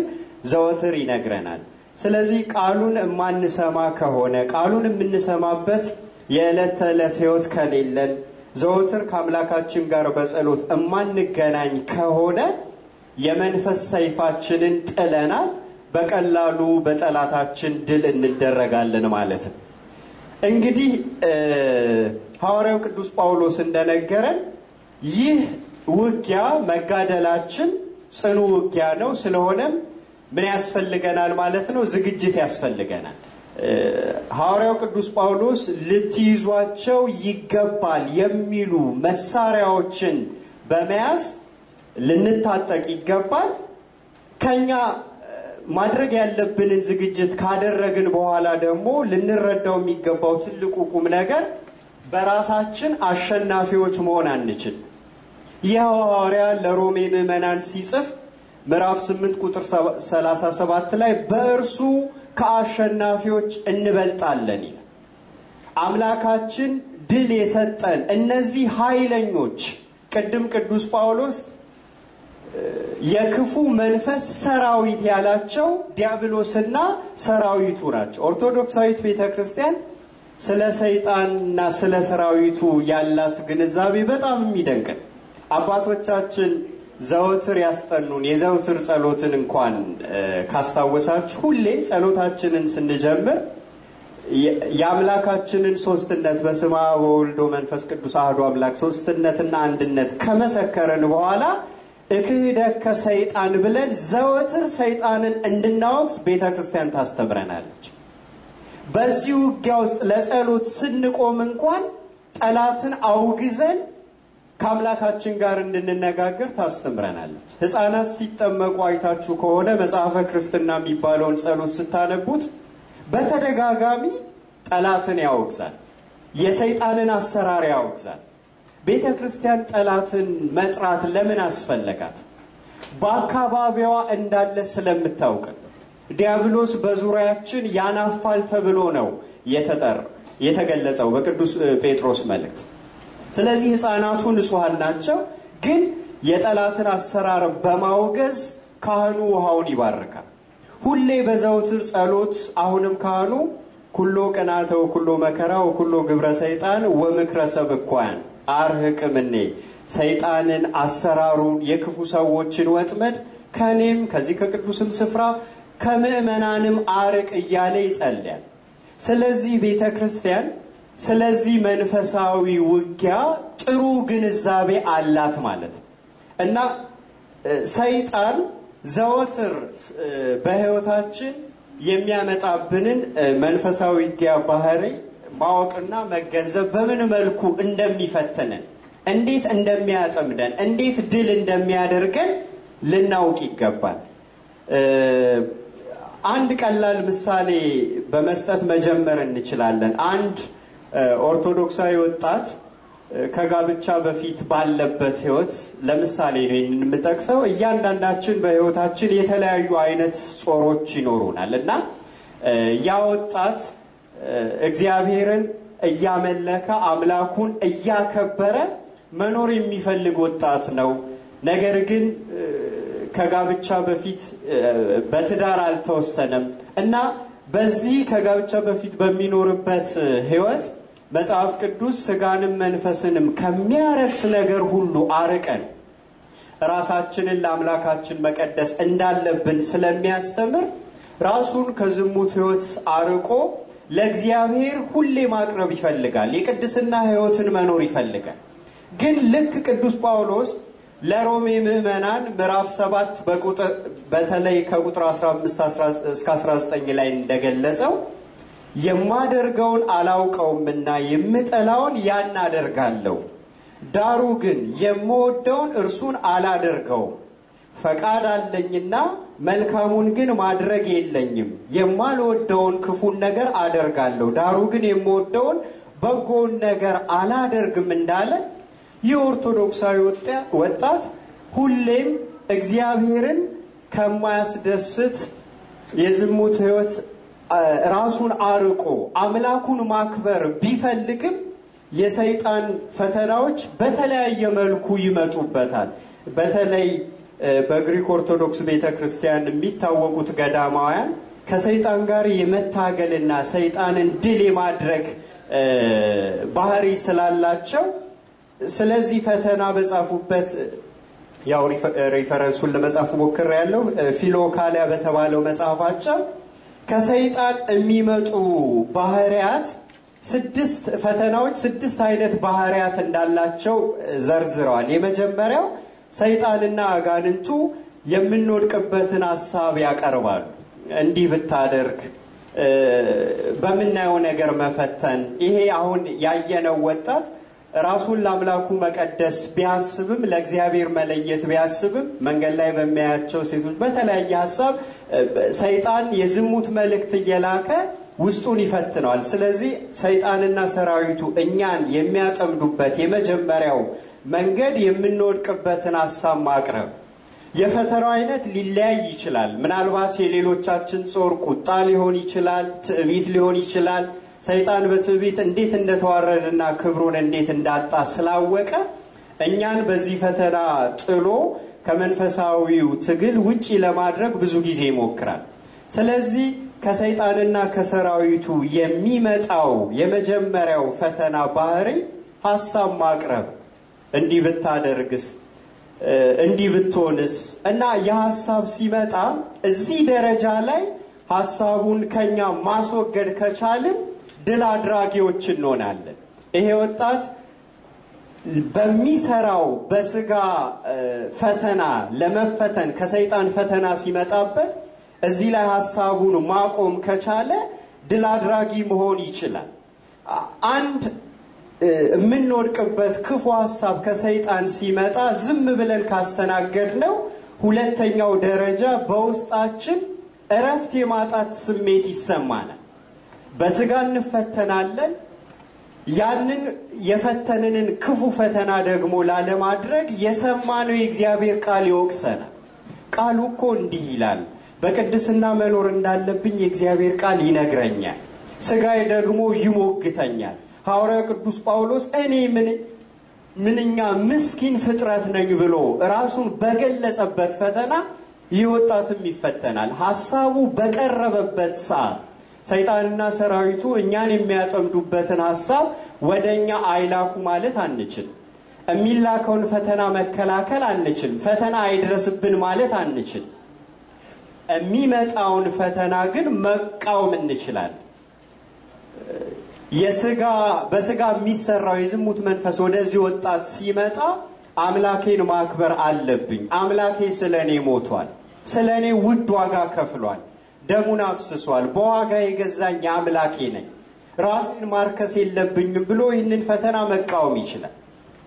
ዘወትር ይነግረናል። ስለዚህ ቃሉን የማንሰማ ከሆነ ቃሉን የምንሰማበት የዕለት ተዕለት ህይወት ከሌለን ዘወትር ከአምላካችን ጋር በጸሎት እማንገናኝ ከሆነ የመንፈስ ሰይፋችንን ጥለናል። በቀላሉ በጠላታችን ድል እንደረጋለን ማለት ነው። እንግዲህ ሐዋርያው ቅዱስ ጳውሎስ እንደነገረን ይህ ውጊያ መጋደላችን ጽኑ ውጊያ ነው። ስለሆነም ምን ያስፈልገናል ማለት ነው? ዝግጅት ያስፈልገናል። ሐዋርያው ቅዱስ ጳውሎስ ልትይዟቸው ይገባል የሚሉ መሳሪያዎችን በመያዝ ልንታጠቅ ይገባል። ከኛ ማድረግ ያለብንን ዝግጅት ካደረግን በኋላ ደግሞ ልንረዳው የሚገባው ትልቁ ቁም ነገር በራሳችን አሸናፊዎች መሆን አንችል። ይህ ሐዋርያ ለሮሜ ምዕመናን ሲጽፍ ምዕራፍ 8 ቁጥር 37 ላይ በእርሱ ከአሸናፊዎች እንበልጣለን ይላል። አምላካችን ድል የሰጠን እነዚህ ኃይለኞች ቅድም ቅዱስ ጳውሎስ የክፉ መንፈስ ሰራዊት ያላቸው ዲያብሎስና ሰራዊቱ ናቸው። ኦርቶዶክሳዊት ቤተ ክርስቲያን ስለ ሰይጣንና ስለ ሰራዊቱ ያላት ግንዛቤ በጣም የሚደንቅ አባቶቻችን ዘወትር ያስጠኑን የዘወትር ጸሎትን እንኳን ካስታወሳችሁ ሁሌ ጸሎታችንን ስንጀምር የአምላካችንን ሶስትነት በስመ አብ ወወልድ ቅዱስ አህዶ አምላክ ሶስትነትና አንድነት ከመሰከረን በኋላ እክህደከ ሰይጣን ብለን ዘወትር ሰይጣንን እንድናወቅስ ቤተ ክርስቲያን ታስተምረናለች። በዚህ ውጊያ ውስጥ ለጸሎት ስንቆም እንኳን ጠላትን አውግዘን ከአምላካችን ጋር እንድንነጋገር ታስተምረናለች። ህፃናት ሲጠመቁ አይታችሁ ከሆነ መጽሐፈ ክርስትና የሚባለውን ጸሎት ስታነቡት በተደጋጋሚ ጠላትን ያወግዛል፣ የሰይጣንን አሰራር ያወግዛል። ቤተ ክርስቲያን ጠላትን መጥራት ለምን አስፈለጋት? በአካባቢዋ እንዳለ ስለምታውቅ ዲያብሎስ በዙሪያችን ያናፋል ተብሎ ነው የተጠራ የተገለጸው በቅዱስ ጴጥሮስ መልእክት ስለዚህ ህፃናቱ ንጹሐን ናቸው፣ ግን የጠላትን አሰራር በማውገዝ ካህኑ ውሃውን ይባርካል። ሁሌ በዘውትር ጸሎት አሁንም ካህኑ ኩሎ ቅናተው ኩሎ መከራው ኩሎ ግብረ ሰይጣን ወምክረ ሰብ እኳን አርህቅምኔ ሰይጣንን፣ አሰራሩን፣ የክፉ ሰዎችን ወጥመድ ከእኔም ከዚህ ከቅዱስም ስፍራ ከምእመናንም አርቅ እያለ ይጸልያል። ስለዚህ ቤተ ክርስቲያን ስለዚህ መንፈሳዊ ውጊያ ጥሩ ግንዛቤ አላት ማለት እና ሰይጣን ዘወትር በህይወታችን የሚያመጣብንን መንፈሳዊ ውጊያ ባህሪ ማወቅና መገንዘብ በምን መልኩ እንደሚፈትንን እንዴት እንደሚያጠምደን እንዴት ድል እንደሚያደርገን ልናውቅ ይገባል። አንድ ቀላል ምሳሌ በመስጠት መጀመር እንችላለን። አንድ ኦርቶዶክሳዊ ወጣት ከጋብቻ በፊት ባለበት ህይወት ለምሳሌ ነው የምንጠቅሰው። እያንዳንዳችን በህይወታችን የተለያዩ አይነት ጾሮች ይኖሩናል እና ያ ወጣት እግዚአብሔርን እያመለከ አምላኩን እያከበረ መኖር የሚፈልግ ወጣት ነው። ነገር ግን ከጋብቻ በፊት በትዳር አልተወሰነም እና በዚህ ከጋብቻ በፊት በሚኖርበት ህይወት መጽሐፍ ቅዱስ ስጋንም መንፈስንም ከሚያረክስ ነገር ሁሉ አርቀን ራሳችንን ለአምላካችን መቀደስ እንዳለብን ስለሚያስተምር ራሱን ከዝሙት ህይወት አርቆ ለእግዚአብሔር ሁሌ ማቅረብ ይፈልጋል። የቅድስና ህይወትን መኖር ይፈልጋል። ግን ልክ ቅዱስ ጳውሎስ ለሮሜ ምዕመናን ምዕራፍ 7 በተለይ ከቁጥር 15 እስከ 19 ላይ እንደገለጸው የማደርገውን አላውቀውምና የምጠላውን ያን አደርጋለሁ። ዳሩ ግን የምወደውን እርሱን አላደርገውም። ፈቃድ አለኝና መልካሙን ግን ማድረግ የለኝም። የማልወደውን ክፉን ነገር አደርጋለሁ፣ ዳሩ ግን የምወደውን በጎውን ነገር አላደርግም እንዳለ የኦርቶዶክሳዊ ወጣት ሁሌም እግዚአብሔርን ከማያስደስት የዝሙት ሕይወት ራሱን አርቆ አምላኩን ማክበር ቢፈልግም የሰይጣን ፈተናዎች በተለያየ መልኩ ይመጡበታል። በተለይ በግሪክ ኦርቶዶክስ ቤተ ክርስቲያን የሚታወቁት ገዳማውያን ከሰይጣን ጋር የመታገልና ሰይጣንን ድል የማድረግ ባህሪ ስላላቸው ስለዚህ ፈተና በጻፉበት ያው ሪፈረንሱን ለመጻፍ ሞክሬ ያለው ፊሎካሊያ በተባለው መጽሐፋቸው ከሰይጣን የሚመጡ ባህሪያት ስድስት ፈተናዎች ስድስት አይነት ባህሪያት እንዳላቸው ዘርዝረዋል። የመጀመሪያው ሰይጣንና አጋንንቱ የምንወድቅበትን ሀሳብ ያቀርባሉ። እንዲህ ብታደርግ በምናየው ነገር መፈተን። ይሄ አሁን ያየነው ወጣት ራሱን ለአምላኩ መቀደስ ቢያስብም ለእግዚአብሔር መለየት ቢያስብም መንገድ ላይ በሚያያቸው ሴቶች በተለያየ ሀሳብ ሰይጣን የዝሙት መልእክት እየላከ ውስጡን ይፈትነዋል። ስለዚህ ሰይጣንና ሰራዊቱ እኛን የሚያጠምዱበት የመጀመሪያው መንገድ የምንወድቅበትን ሀሳብ ማቅረብ የፈተናው አይነት ሊለያይ ይችላል። ምናልባት የሌሎቻችን ጾር ቁጣ ሊሆን ይችላል፣ ትዕቢት ሊሆን ይችላል። ሰይጣን በትዕቢት እንዴት እንደተዋረደና ክብሩን እንዴት እንዳጣ ስላወቀ እኛን በዚህ ፈተና ጥሎ ከመንፈሳዊው ትግል ውጪ ለማድረግ ብዙ ጊዜ ይሞክራል። ስለዚህ ከሰይጣንና ከሰራዊቱ የሚመጣው የመጀመሪያው ፈተና ባህሪ ሀሳብ ማቅረብ፣ እንዲህ ብታደርግስ፣ እንዲህ ብትሆንስ እና የሀሳብ ሲመጣ እዚህ ደረጃ ላይ ሀሳቡን ከኛ ማስወገድ ከቻልን ድል አድራጊዎች እንሆናለን። ይሄ ወጣት በሚሰራው በስጋ ፈተና ለመፈተን ከሰይጣን ፈተና ሲመጣበት እዚህ ላይ ሀሳቡን ማቆም ከቻለ ድል አድራጊ መሆን ይችላል። አንድ የምንወድቅበት ክፉ ሀሳብ ከሰይጣን ሲመጣ ዝም ብለን ካስተናገድ ነው፣ ሁለተኛው ደረጃ በውስጣችን እረፍት የማጣት ስሜት ይሰማናል። በስጋ እንፈተናለን። ያንን የፈተንንን ክፉ ፈተና ደግሞ ላለማድረግ የሰማነው የእግዚአብሔር ቃል ይወቅሰናል። ቃሉ እኮ እንዲህ ይላል፣ በቅድስና መኖር እንዳለብኝ የእግዚአብሔር ቃል ይነግረኛል፣ ስጋዬ ደግሞ ይሞግተኛል። ሐዋርያው ቅዱስ ጳውሎስ እኔ ምን ምንኛ ምስኪን ፍጥረት ነኝ ብሎ ራሱን በገለጸበት ፈተና ይህ ወጣትም ይፈተናል። ሐሳቡ በቀረበበት ሰዓት ሰይጣንና ሰራዊቱ እኛን የሚያጠምዱበትን ሀሳብ ወደ እኛ አይላኩ ማለት አንችል። የሚላከውን ፈተና መከላከል አንችል። ፈተና አይድረስብን ማለት አንችል። የሚመጣውን ፈተና ግን መቃወም እንችላለን። የስጋ በስጋ የሚሰራው የዝሙት መንፈስ ወደዚህ ወጣት ሲመጣ አምላኬን ማክበር አለብኝ። አምላኬ ስለ እኔ ሞቷል፣ ስለ እኔ ውድ ዋጋ ከፍሏል ደሙን አፍስሷል። በዋጋ የገዛኝ አምላኬ ነኝ፣ ራሴን ማርከስ የለብኝም ብሎ ይህንን ፈተና መቃወም ይችላል።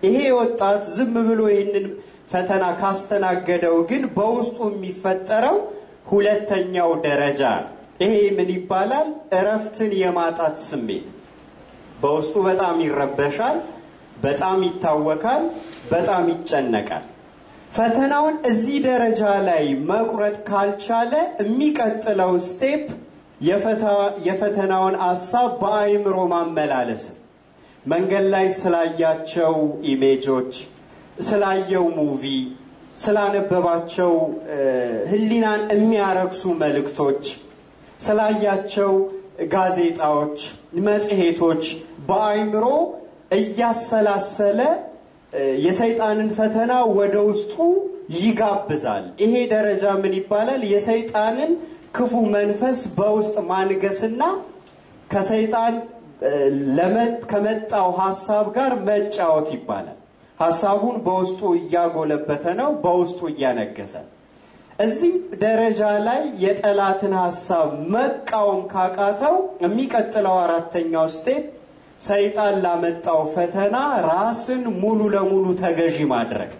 ይሄ ወጣት ዝም ብሎ ይህንን ፈተና ካስተናገደው ግን በውስጡ የሚፈጠረው ሁለተኛው ደረጃ ይሄ ምን ይባላል? እረፍትን የማጣት ስሜት በውስጡ በጣም ይረበሻል፣ በጣም ይታወካል፣ በጣም ይጨነቃል። ፈተናውን እዚህ ደረጃ ላይ መቁረጥ ካልቻለ የሚቀጥለው ስቴፕ የፈተናውን አሳብ በአይምሮ ማመላለስ መንገድ ላይ ስላያቸው ኢሜጆች፣ ስላየው ሙቪ፣ ስላነበባቸው ህሊናን የሚያረግሱ መልእክቶች፣ ስላያቸው ጋዜጣዎች፣ መጽሔቶች በአይምሮ እያሰላሰለ የሰይጣንን ፈተና ወደ ውስጡ ይጋብዛል። ይሄ ደረጃ ምን ይባላል? የሰይጣንን ክፉ መንፈስ በውስጥ ማንገስና ከሰይጣን ከመጣው ሀሳብ ጋር መጫወት ይባላል። ሀሳቡን በውስጡ እያጎለበተ ነው፣ በውስጡ እያነገሰ። እዚህ ደረጃ ላይ የጠላትን ሀሳብ መቃወም ካቃተው የሚቀጥለው አራተኛው ስቴፕ ሰይጣን ላመጣው ፈተና ራስን ሙሉ ለሙሉ ተገዢ ማድረግ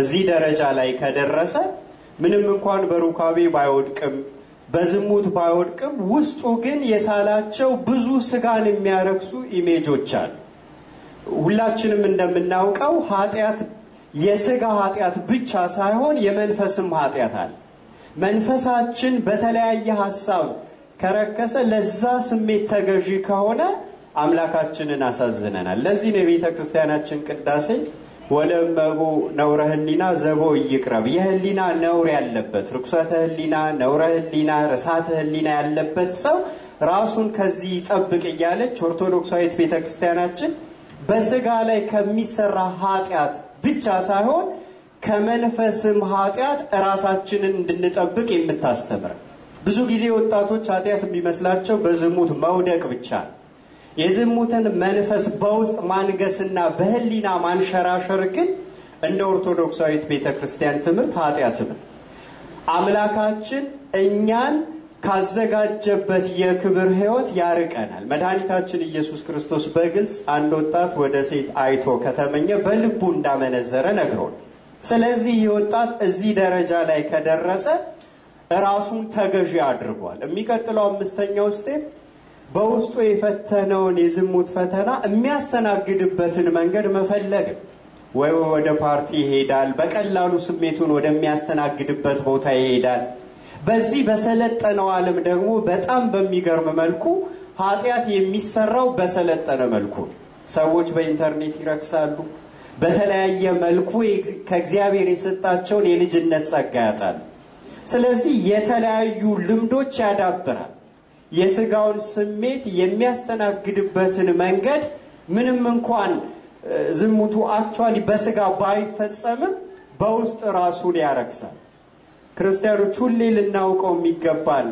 እዚህ ደረጃ ላይ ከደረሰ ምንም እንኳን በሩካቤ ባይወድቅም በዝሙት ባይወድቅም ውስጡ ግን የሳላቸው ብዙ ስጋን የሚያረክሱ ኢሜጆች አሉ። ሁላችንም እንደምናውቀው ኃጢአት የስጋ ኃጢአት ብቻ ሳይሆን የመንፈስም ኃጢአት አለ። መንፈሳችን በተለያየ ሀሳብ ከረከሰ ለዛ ስሜት ተገዢ ከሆነ አምላካችንን አሳዝነናል። ለዚህ ነው የቤተ ክርስቲያናችን ቅዳሴ ወለመቡ ነውረ ህሊና ዘቦ ይቅረብ። የህሊና ነውር ያለበት ርኩሰተ ህሊና፣ ነውረ ህሊና፣ ርሳተ ህሊና ያለበት ሰው ራሱን ከዚህ ይጠብቅ እያለች ኦርቶዶክሳዊት ቤተ ክርስቲያናችን በስጋ ላይ ከሚሰራ ኃጢአት ብቻ ሳይሆን ከመንፈስም ኃጢአት ራሳችንን እንድንጠብቅ የምታስተምረን ብዙ ጊዜ ወጣቶች ኃጢአት የሚመስላቸው በዝሙት መውደቅ ብቻ ነው። የዝሙትን መንፈስ በውስጥ ማንገስና በህሊና ማንሸራሸር ግን እንደ ኦርቶዶክሳዊት ቤተ ክርስቲያን ትምህርት ኃጢአት ነው። አምላካችን እኛን ካዘጋጀበት የክብር ህይወት ያርቀናል። መድኃኒታችን ኢየሱስ ክርስቶስ በግልጽ አንድ ወጣት ወደ ሴት አይቶ ከተመኘ በልቡ እንዳመነዘረ ነግሮን። ስለዚህ ይህ ወጣት እዚህ ደረጃ ላይ ከደረሰ ራሱን ተገዢ አድርጓል። የሚቀጥለው አምስተኛው ስቴፕ በውስጡ የፈተነውን የዝሙት ፈተና የሚያስተናግድበትን መንገድ መፈለግ ወይ ወደ ፓርቲ ይሄዳል፣ በቀላሉ ስሜቱን ወደሚያስተናግድበት ቦታ ይሄዳል። በዚህ በሰለጠነው ዓለም ደግሞ በጣም በሚገርም መልኩ ኃጢአት የሚሰራው በሰለጠነ መልኩ ሰዎች በኢንተርኔት ይረክሳሉ። በተለያየ መልኩ ከእግዚአብሔር የሰጣቸውን የልጅነት ጸጋ ያጣሉ። ስለዚህ የተለያዩ ልምዶች ያዳብራል። የስጋውን ስሜት የሚያስተናግድበትን መንገድ ምንም እንኳን ዝሙቱ አክቹዋሊ በስጋ ባይፈጸምም በውስጥ ራሱን ያረክሳል። ክርስቲያኖች ሁሌ ልናውቀው የሚገባን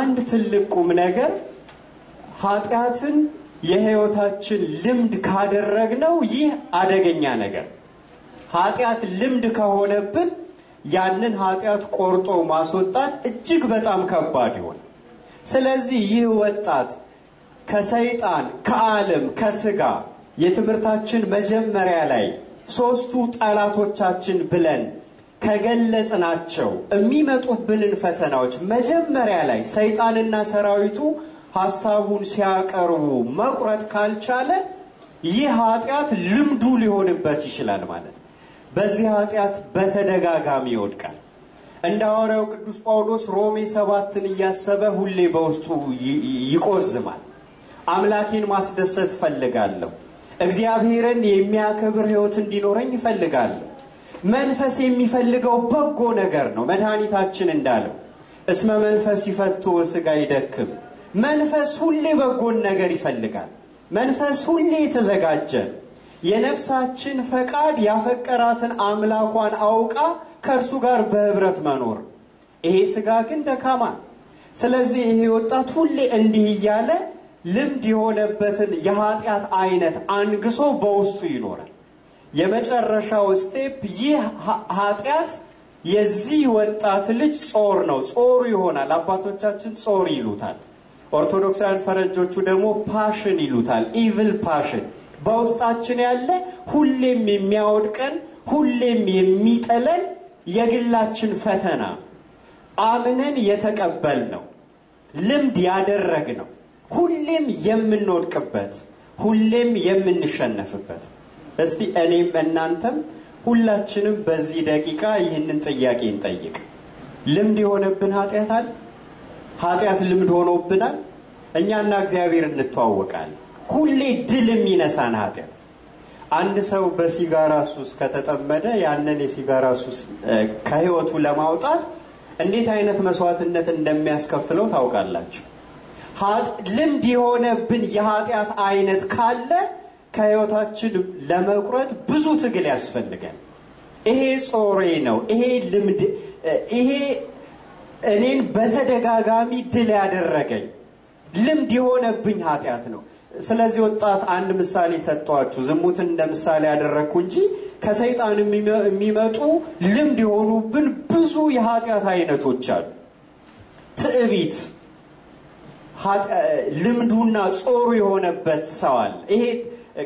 አንድ ትልቅ ቁም ነገር ኃጢአትን የህይወታችን ልምድ ካደረግነው ይህ አደገኛ ነገር ኃጢአት ልምድ ከሆነብን ያንን ኃጢአት ቆርጦ ማስወጣት እጅግ በጣም ከባድ ይሆን። ስለዚህ ይህ ወጣት ከሰይጣን፣ ከዓለም፣ ከስጋ የትምህርታችን መጀመሪያ ላይ ሦስቱ ጠላቶቻችን ብለን ከገለጽናቸው የሚመጡብንን ፈተናዎች መጀመሪያ ላይ ሰይጣንና ሰራዊቱ ሐሳቡን ሲያቀርቡ መቁረጥ ካልቻለ ይህ ኃጢአት ልምዱ ሊሆንበት ይችላል ማለት ነው። በዚህ ኃጢአት በተደጋጋሚ ይወድቃል። እንደ ሐዋርያው ቅዱስ ጳውሎስ ሮሜ ሰባትን እያሰበ ሁሌ በውስጡ ይቆዝማል። አምላኬን ማስደሰት እፈልጋለሁ። እግዚአብሔርን የሚያከብር ሕይወት እንዲኖረኝ እፈልጋለሁ። መንፈስ የሚፈልገው በጎ ነገር ነው። መድኃኒታችን እንዳለው እስመ መንፈስ ይፈቱ ወስጋ ይደክም። መንፈስ ሁሌ በጎን ነገር ይፈልጋል። መንፈስ ሁሌ የተዘጋጀ የነፍሳችን ፈቃድ ያፈቀራትን አምላኳን አውቃ ከእርሱ ጋር በህብረት መኖር። ይሄ ስጋ ግን ደካማ። ስለዚህ ይሄ ወጣት ሁሌ እንዲህ እያለ ልምድ የሆነበትን የኃጢአት አይነት አንግሶ በውስጡ ይኖራል። የመጨረሻው ስቴፕ ይህ ኃጢአት የዚህ ወጣት ልጅ ጾር ነው። ጾሩ ይሆናል። አባቶቻችን ጾር ይሉታል። ኦርቶዶክሳውያን ፈረጆቹ ደግሞ ፓሽን ይሉታል። ኢቪል ፓሽን በውስጣችን ያለ ሁሌም የሚያወድቀን ሁሌም የሚጠለን የግላችን ፈተና አምነን የተቀበል ነው ልምድ ያደረግ ነው ሁሌም የምንወድቅበት ሁሌም የምንሸነፍበት እስቲ እኔም እናንተም ሁላችንም በዚህ ደቂቃ ይህንን ጥያቄ እንጠይቅ ልምድ የሆነብን ኃጢአት አለ ኃጢአት ልምድ ሆኖብናል እኛና እግዚአብሔር እንተዋወቃለን ሁሌ ድል ይነሳን ኃጢአት። አንድ ሰው በሲጋራ ሱስ ከተጠመደ ያንን የሲጋራ ሱስ ከህይወቱ ለማውጣት እንዴት አይነት መስዋዕትነት እንደሚያስከፍለው ታውቃላችሁ። ልምድ የሆነብን የኃጢአት አይነት ካለ ከህይወታችን ለመቁረጥ ብዙ ትግል ያስፈልጋል። ይሄ ጾሬ ነው። ይሄ ልምድ ይሄ እኔን በተደጋጋሚ ድል ያደረገኝ ልምድ የሆነብኝ ኃጢአት ነው። ስለዚህ ወጣት አንድ ምሳሌ ሰጧችሁ። ዝሙትን እንደ ምሳሌ ያደረግኩ እንጂ ከሰይጣን የሚመጡ ልምድ የሆኑብን ብዙ የኃጢአት አይነቶች አሉ። ትዕቢት ልምዱና ጾሩ የሆነበት ሰው አለ። ይሄ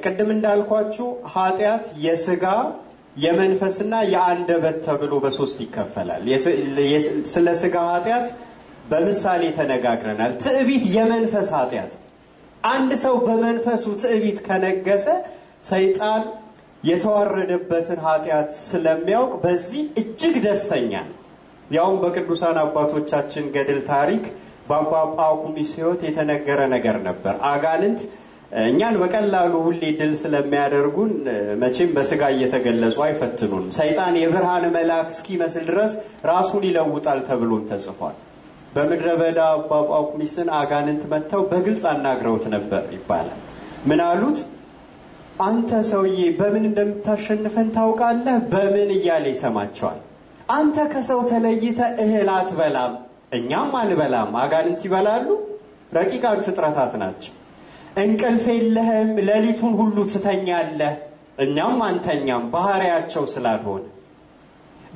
ቅድም እንዳልኳችሁ ኃጢአት የስጋ የመንፈስና የአንደበት ተብሎ በሶስት ይከፈላል። ስለ ስጋ ኃጢአት በምሳሌ ተነጋግረናል። ትዕቢት የመንፈስ ኃጢአት አንድ ሰው በመንፈሱ ትዕቢት ከነገሰ ሰይጣን የተዋረደበትን ኃጢአት ስለሚያውቅ በዚህ እጅግ ደስተኛ ነው። ያውም በቅዱሳን አባቶቻችን ገድል ታሪክ በአባ ጳኩሚስ ሕይወት የተነገረ ነገር ነበር። አጋንንት እኛን በቀላሉ ሁሌ ድል ስለሚያደርጉን መቼም በስጋ እየተገለጹ አይፈትኑን። ሰይጣን የብርሃን መልአክ እስኪመስል ድረስ ራሱን ይለውጣል ተብሎም ተጽፏል። በምድረ በዳ ጳጳቁሚስን አጋንንት መጥተው በግልጽ አናግረውት ነበር ይባላል። ምን አሉት? አንተ ሰውዬ በምን እንደምታሸንፈን ታውቃለህ? በምን እያለ ይሰማቸዋል። አንተ ከሰው ተለይተ እህል አትበላም፣ እኛም አልበላም። አጋንንት ይበላሉ፣ ረቂቃን ፍጥረታት ናቸው። እንቅልፍ የለህም፣ ሌሊቱን ሁሉ ትተኛለህ፣ እኛም አንተኛም፣ ባህሪያቸው ስላልሆነ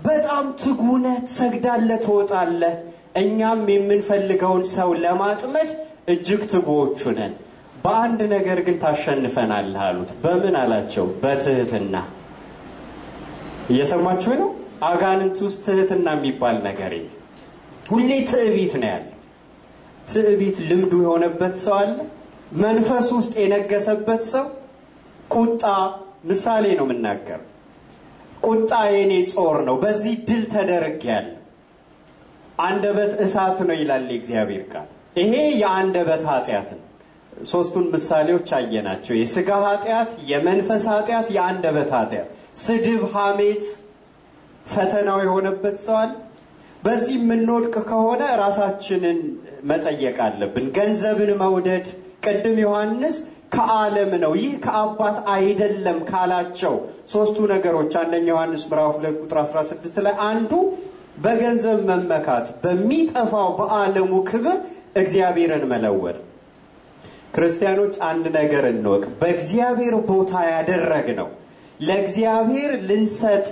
በጣም ትጉነ ትሰግዳለህ፣ ትወጣለህ እኛም የምንፈልገውን ሰው ለማጥመድ እጅግ ትጉዎቹ ነን። በአንድ ነገር ግን ታሸንፈናል አሉት። በምን አላቸው? በትህትና። እየሰማችሁ ነው። አጋንንት ውስጥ ትህትና የሚባል ነገር የለም። ሁሌ ትዕቢት ነው ያለ። ትዕቢት ልምዱ የሆነበት ሰው አለ። መንፈሱ ውስጥ የነገሰበት ሰው ቁጣ፣ ምሳሌ ነው የምናገር። ቁጣ የእኔ ጾር ነው፣ በዚህ ድል ያለ አንደበት እሳት ነው ይላል የእግዚአብሔር ቃል። ይሄ የአንደበት ኃጢአት ነው። ሶስቱን ምሳሌዎች አየናቸው። የስጋ ኃጢአት፣ የመንፈስ ኃጢአት፣ የአንደበት ኃጢአት። ስድብ፣ ሐሜት ፈተናው የሆነበት ሰው አለ። በዚህ የምንወድቅ ከሆነ ራሳችንን መጠየቅ አለብን። ገንዘብን መውደድ ቅድም ዮሐንስ ከዓለም ነው ይህ ከአባት አይደለም ካላቸው ሶስቱ ነገሮች አንደኛ ዮሐንስ ምዕራፍ 2 ቁጥር 16 ላይ አንዱ በገንዘብ መመካት፣ በሚጠፋው በዓለሙ ክብር እግዚአብሔርን መለወጥ። ክርስቲያኖች አንድ ነገር እንወቅ። በእግዚአብሔር ቦታ ያደረግ ነው ለእግዚአብሔር ልንሰጥ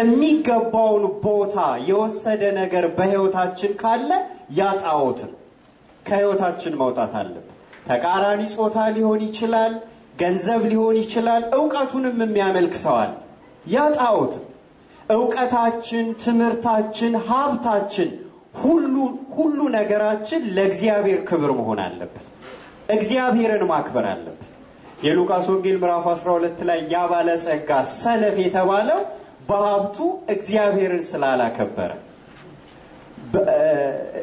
የሚገባውን ቦታ የወሰደ ነገር በሕይወታችን ካለ ያጣዖትን ከሕይወታችን መውጣት አለብን። ተቃራኒ ጾታ ሊሆን ይችላል፣ ገንዘብ ሊሆን ይችላል፣ እውቀቱንም የሚያመልክ ሰዋል ያጣዖትን እውቀታችን፣ ትምህርታችን፣ ሀብታችን ሁሉ ሁሉ ነገራችን ለእግዚአብሔር ክብር መሆን አለበት። እግዚአብሔርን ማክበር አለበት። የሉቃስ ወንጌል ምዕራፍ 12 ላይ ያ ባለጸጋ ሰነፍ የተባለው በሀብቱ እግዚአብሔርን ስላላከበረ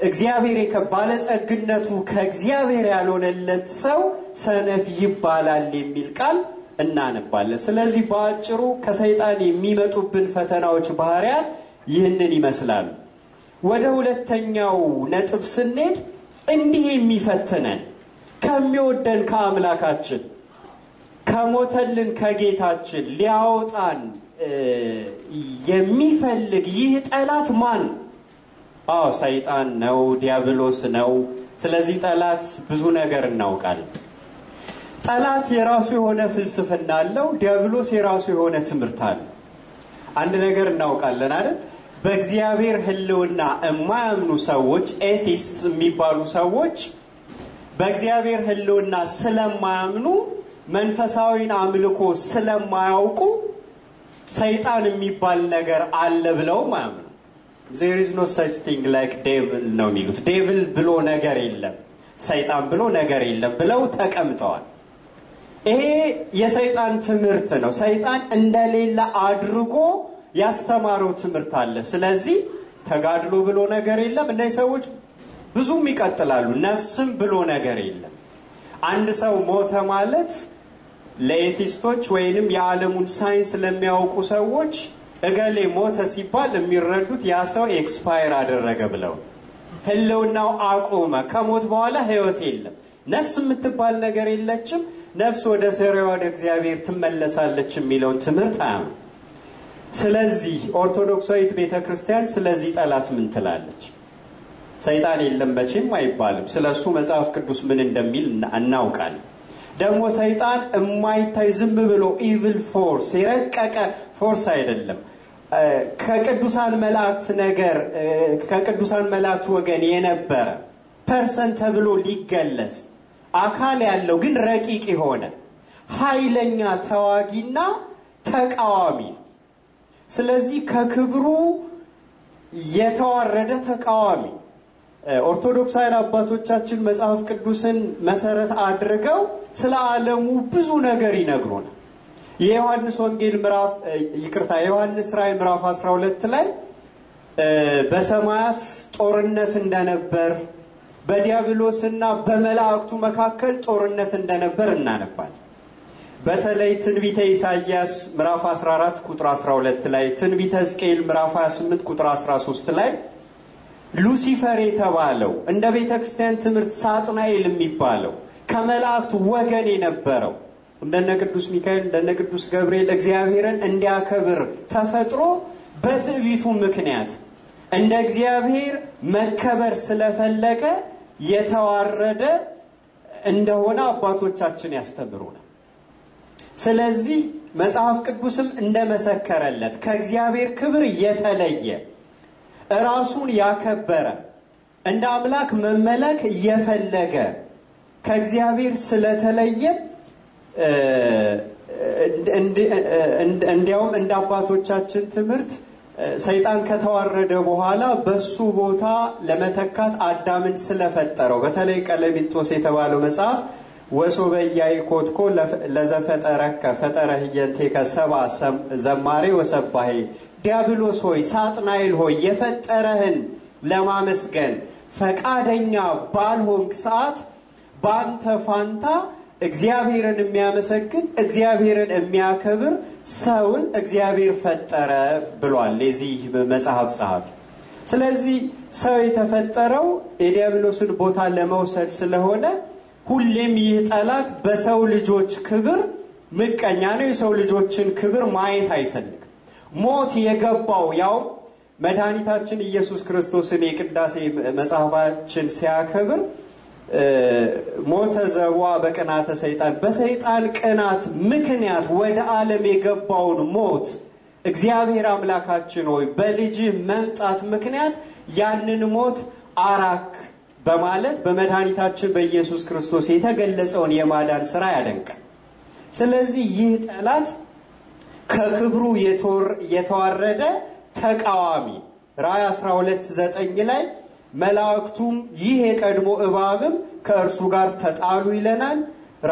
እግዚአብሔር ባለጸግነቱ ከእግዚአብሔር ያልሆነለት ሰው ሰነፍ ይባላል የሚል ቃል እናነባለን። ስለዚህ በአጭሩ ከሰይጣን የሚመጡብን ፈተናዎች ባህሪያት ይህንን ይመስላሉ። ወደ ሁለተኛው ነጥብ ስንሄድ እንዲህ የሚፈትነን ከሚወደን ከአምላካችን ከሞተልን ከጌታችን ሊያወጣን የሚፈልግ ይህ ጠላት ማን? አዎ ሰይጣን ነው፣ ዲያብሎስ ነው። ስለዚህ ጠላት ብዙ ነገር እናውቃለን። ጠላት የራሱ የሆነ ፍልስፍና አለው። ዲያብሎስ የራሱ የሆነ ትምህርት አለው። አንድ ነገር እናውቃለን አይደል? በእግዚአብሔር ሕልውና የማያምኑ ሰዎች ኤቲስት የሚባሉ ሰዎች በእግዚአብሔር ሕልውና ስለማያምኑ መንፈሳዊን አምልኮ ስለማያውቁ ሰይጣን የሚባል ነገር አለ ብለው ማያምኑ ዜር ኢዝ ኖ ሰች ቲንግ ላይክ ዴቭል ነው የሚሉት። ዴቭል ብሎ ነገር የለም፣ ሰይጣን ብሎ ነገር የለም ብለው ተቀምጠዋል። ይሄ የሰይጣን ትምህርት ነው። ሰይጣን እንደሌለ አድርጎ ያስተማረው ትምህርት አለ። ስለዚህ ተጋድሎ ብሎ ነገር የለም። እነዚህ ሰዎች ብዙም ይቀጥላሉ። ነፍስም ብሎ ነገር የለም። አንድ ሰው ሞተ ማለት ለኤቲስቶች ወይንም የዓለሙን ሳይንስ ለሚያውቁ ሰዎች እገሌ ሞተ ሲባል የሚረዱት ያ ሰው ኤክስፓየር አደረገ ብለው ህልውናው አቆመ። ከሞት በኋላ ህይወት የለም። ነፍስ የምትባል ነገር የለችም። ነፍስ ወደ ሰሪዋ ወደ እግዚአብሔር ትመለሳለች የሚለውን ትምህርት አያም። ስለዚህ ኦርቶዶክሳዊት ቤተ ክርስቲያን ስለዚህ ጠላት ምን ትላለች? ሰይጣን የለም መቼም አይባልም። ስለ እሱ መጽሐፍ ቅዱስ ምን እንደሚል እናውቃለን። ደግሞ ሰይጣን የማይታይ ዝም ብሎ ኢቪል ፎርስ የረቀቀ ፎርስ አይደለም። ከቅዱሳን መላእክት ነገር ከቅዱሳን መላእክት ወገን የነበረ ፐርሰን ተብሎ ሊገለጽ አካል ያለው ግን ረቂቅ የሆነ ኃይለኛ ተዋጊና ተቃዋሚ ነው። ስለዚህ ከክብሩ የተዋረደ ተቃዋሚ ኦርቶዶክሳውያን አባቶቻችን መጽሐፍ ቅዱስን መሰረት አድርገው ስለ ዓለሙ ብዙ ነገር ይነግሩናል። የዮሐንስ ወንጌል ምዕራፍ ይቅርታ፣ የዮሐንስ ራእይ ምዕራፍ 12 ላይ በሰማያት ጦርነት እንደነበር በዲያብሎስና በመላእክቱ መካከል ጦርነት እንደነበር እናነባል። በተለይ ትንቢተ ኢሳይያስ ምዕራፍ 14 ቁጥር 12 ላይ፣ ትንቢተ ሕዝቅኤል ምዕራፍ 28 ቁጥር 13 ላይ ሉሲፈር የተባለው እንደ ቤተ ክርስቲያን ትምህርት ሳጥናኤል የሚባለው ከመላእክት ወገን የነበረው እንደነ ቅዱስ ሚካኤል እንደነ ቅዱስ ገብርኤል እግዚአብሔርን እንዲያከብር ተፈጥሮ በትዕቢቱ ምክንያት እንደ እግዚአብሔር መከበር ስለፈለገ የተዋረደ እንደሆነ አባቶቻችን ያስተምሩናል። ስለዚህ መጽሐፍ ቅዱስም እንደመሰከረለት ከእግዚአብሔር ክብር የተለየ ራሱን ያከበረ እንደ አምላክ መመለክ እየፈለገ ከእግዚአብሔር ስለተለየ እንዲያውም እንደ አባቶቻችን ትምህርት ሰይጣን ከተዋረደ በኋላ በሱ ቦታ ለመተካት አዳምን ስለፈጠረው በተለይ ቀለሚጦስ የተባለው መጽሐፍ ወሶ በያይ ኮትኮ ለዘፈጠረከ ፈጠረ ህየንቴ ከሰባ ዘማሬ ወሰባሄ ዲያብሎስ ሆይ ሳጥናኤል ሆይ የፈጠረህን ለማመስገን ፈቃደኛ ባልሆንክ ሰዓት በአንተ ፋንታ እግዚአብሔርን የሚያመሰግን እግዚአብሔርን የሚያከብር ሰውን እግዚአብሔር ፈጠረ ብሏል የዚህ መጽሐፍ ጸሐፊ። ስለዚህ ሰው የተፈጠረው የዲያብሎስን ቦታ ለመውሰድ ስለሆነ ሁሌም ይህ ጠላት በሰው ልጆች ክብር ምቀኛ ነው። የሰው ልጆችን ክብር ማየት አይፈልግም። ሞት የገባው ያው መድኃኒታችን ኢየሱስ ክርስቶስን የቅዳሴ መጽሐፋችን ሲያከብር ሞተ ዘቧ በቅናተ ሰይጣን በሰይጣን ቅናት ምክንያት ወደ ዓለም የገባውን ሞት እግዚአብሔር አምላካችን ሆይ በልጅ መምጣት ምክንያት ያንን ሞት አራክ በማለት በመድኃኒታችን በኢየሱስ ክርስቶስ የተገለጸውን የማዳን ስራ ያደንቃል። ስለዚህ ይህ ጠላት ከክብሩ የተዋረደ ተቃዋሚ ራእይ 12 ላይ መላእክቱም ይህ የቀድሞ እባብም ከእርሱ ጋር ተጣሉ ይለናል።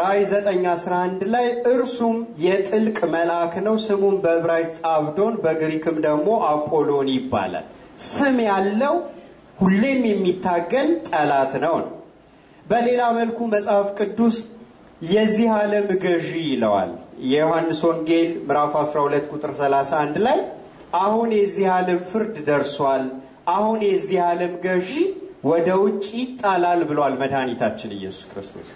ራይ 9:11 ላይ እርሱም የጥልቅ መልአክ ነው፣ ስሙም በዕብራይስጥ አብዶን በግሪክም ደግሞ አፖሎን ይባላል። ስም ያለው ሁሌም የሚታገል ጠላት ነው። በሌላ መልኩ መጽሐፍ ቅዱስ የዚህ ዓለም ገዢ ይለዋል። የዮሐንስ ወንጌል ምዕራፍ 12 ቁጥር 31 ላይ አሁን የዚህ ዓለም ፍርድ ደርሷል አሁን የዚህ ዓለም ገዢ ወደ ውጭ ይጣላል ብሏል መድኃኒታችን ኢየሱስ ክርስቶስ።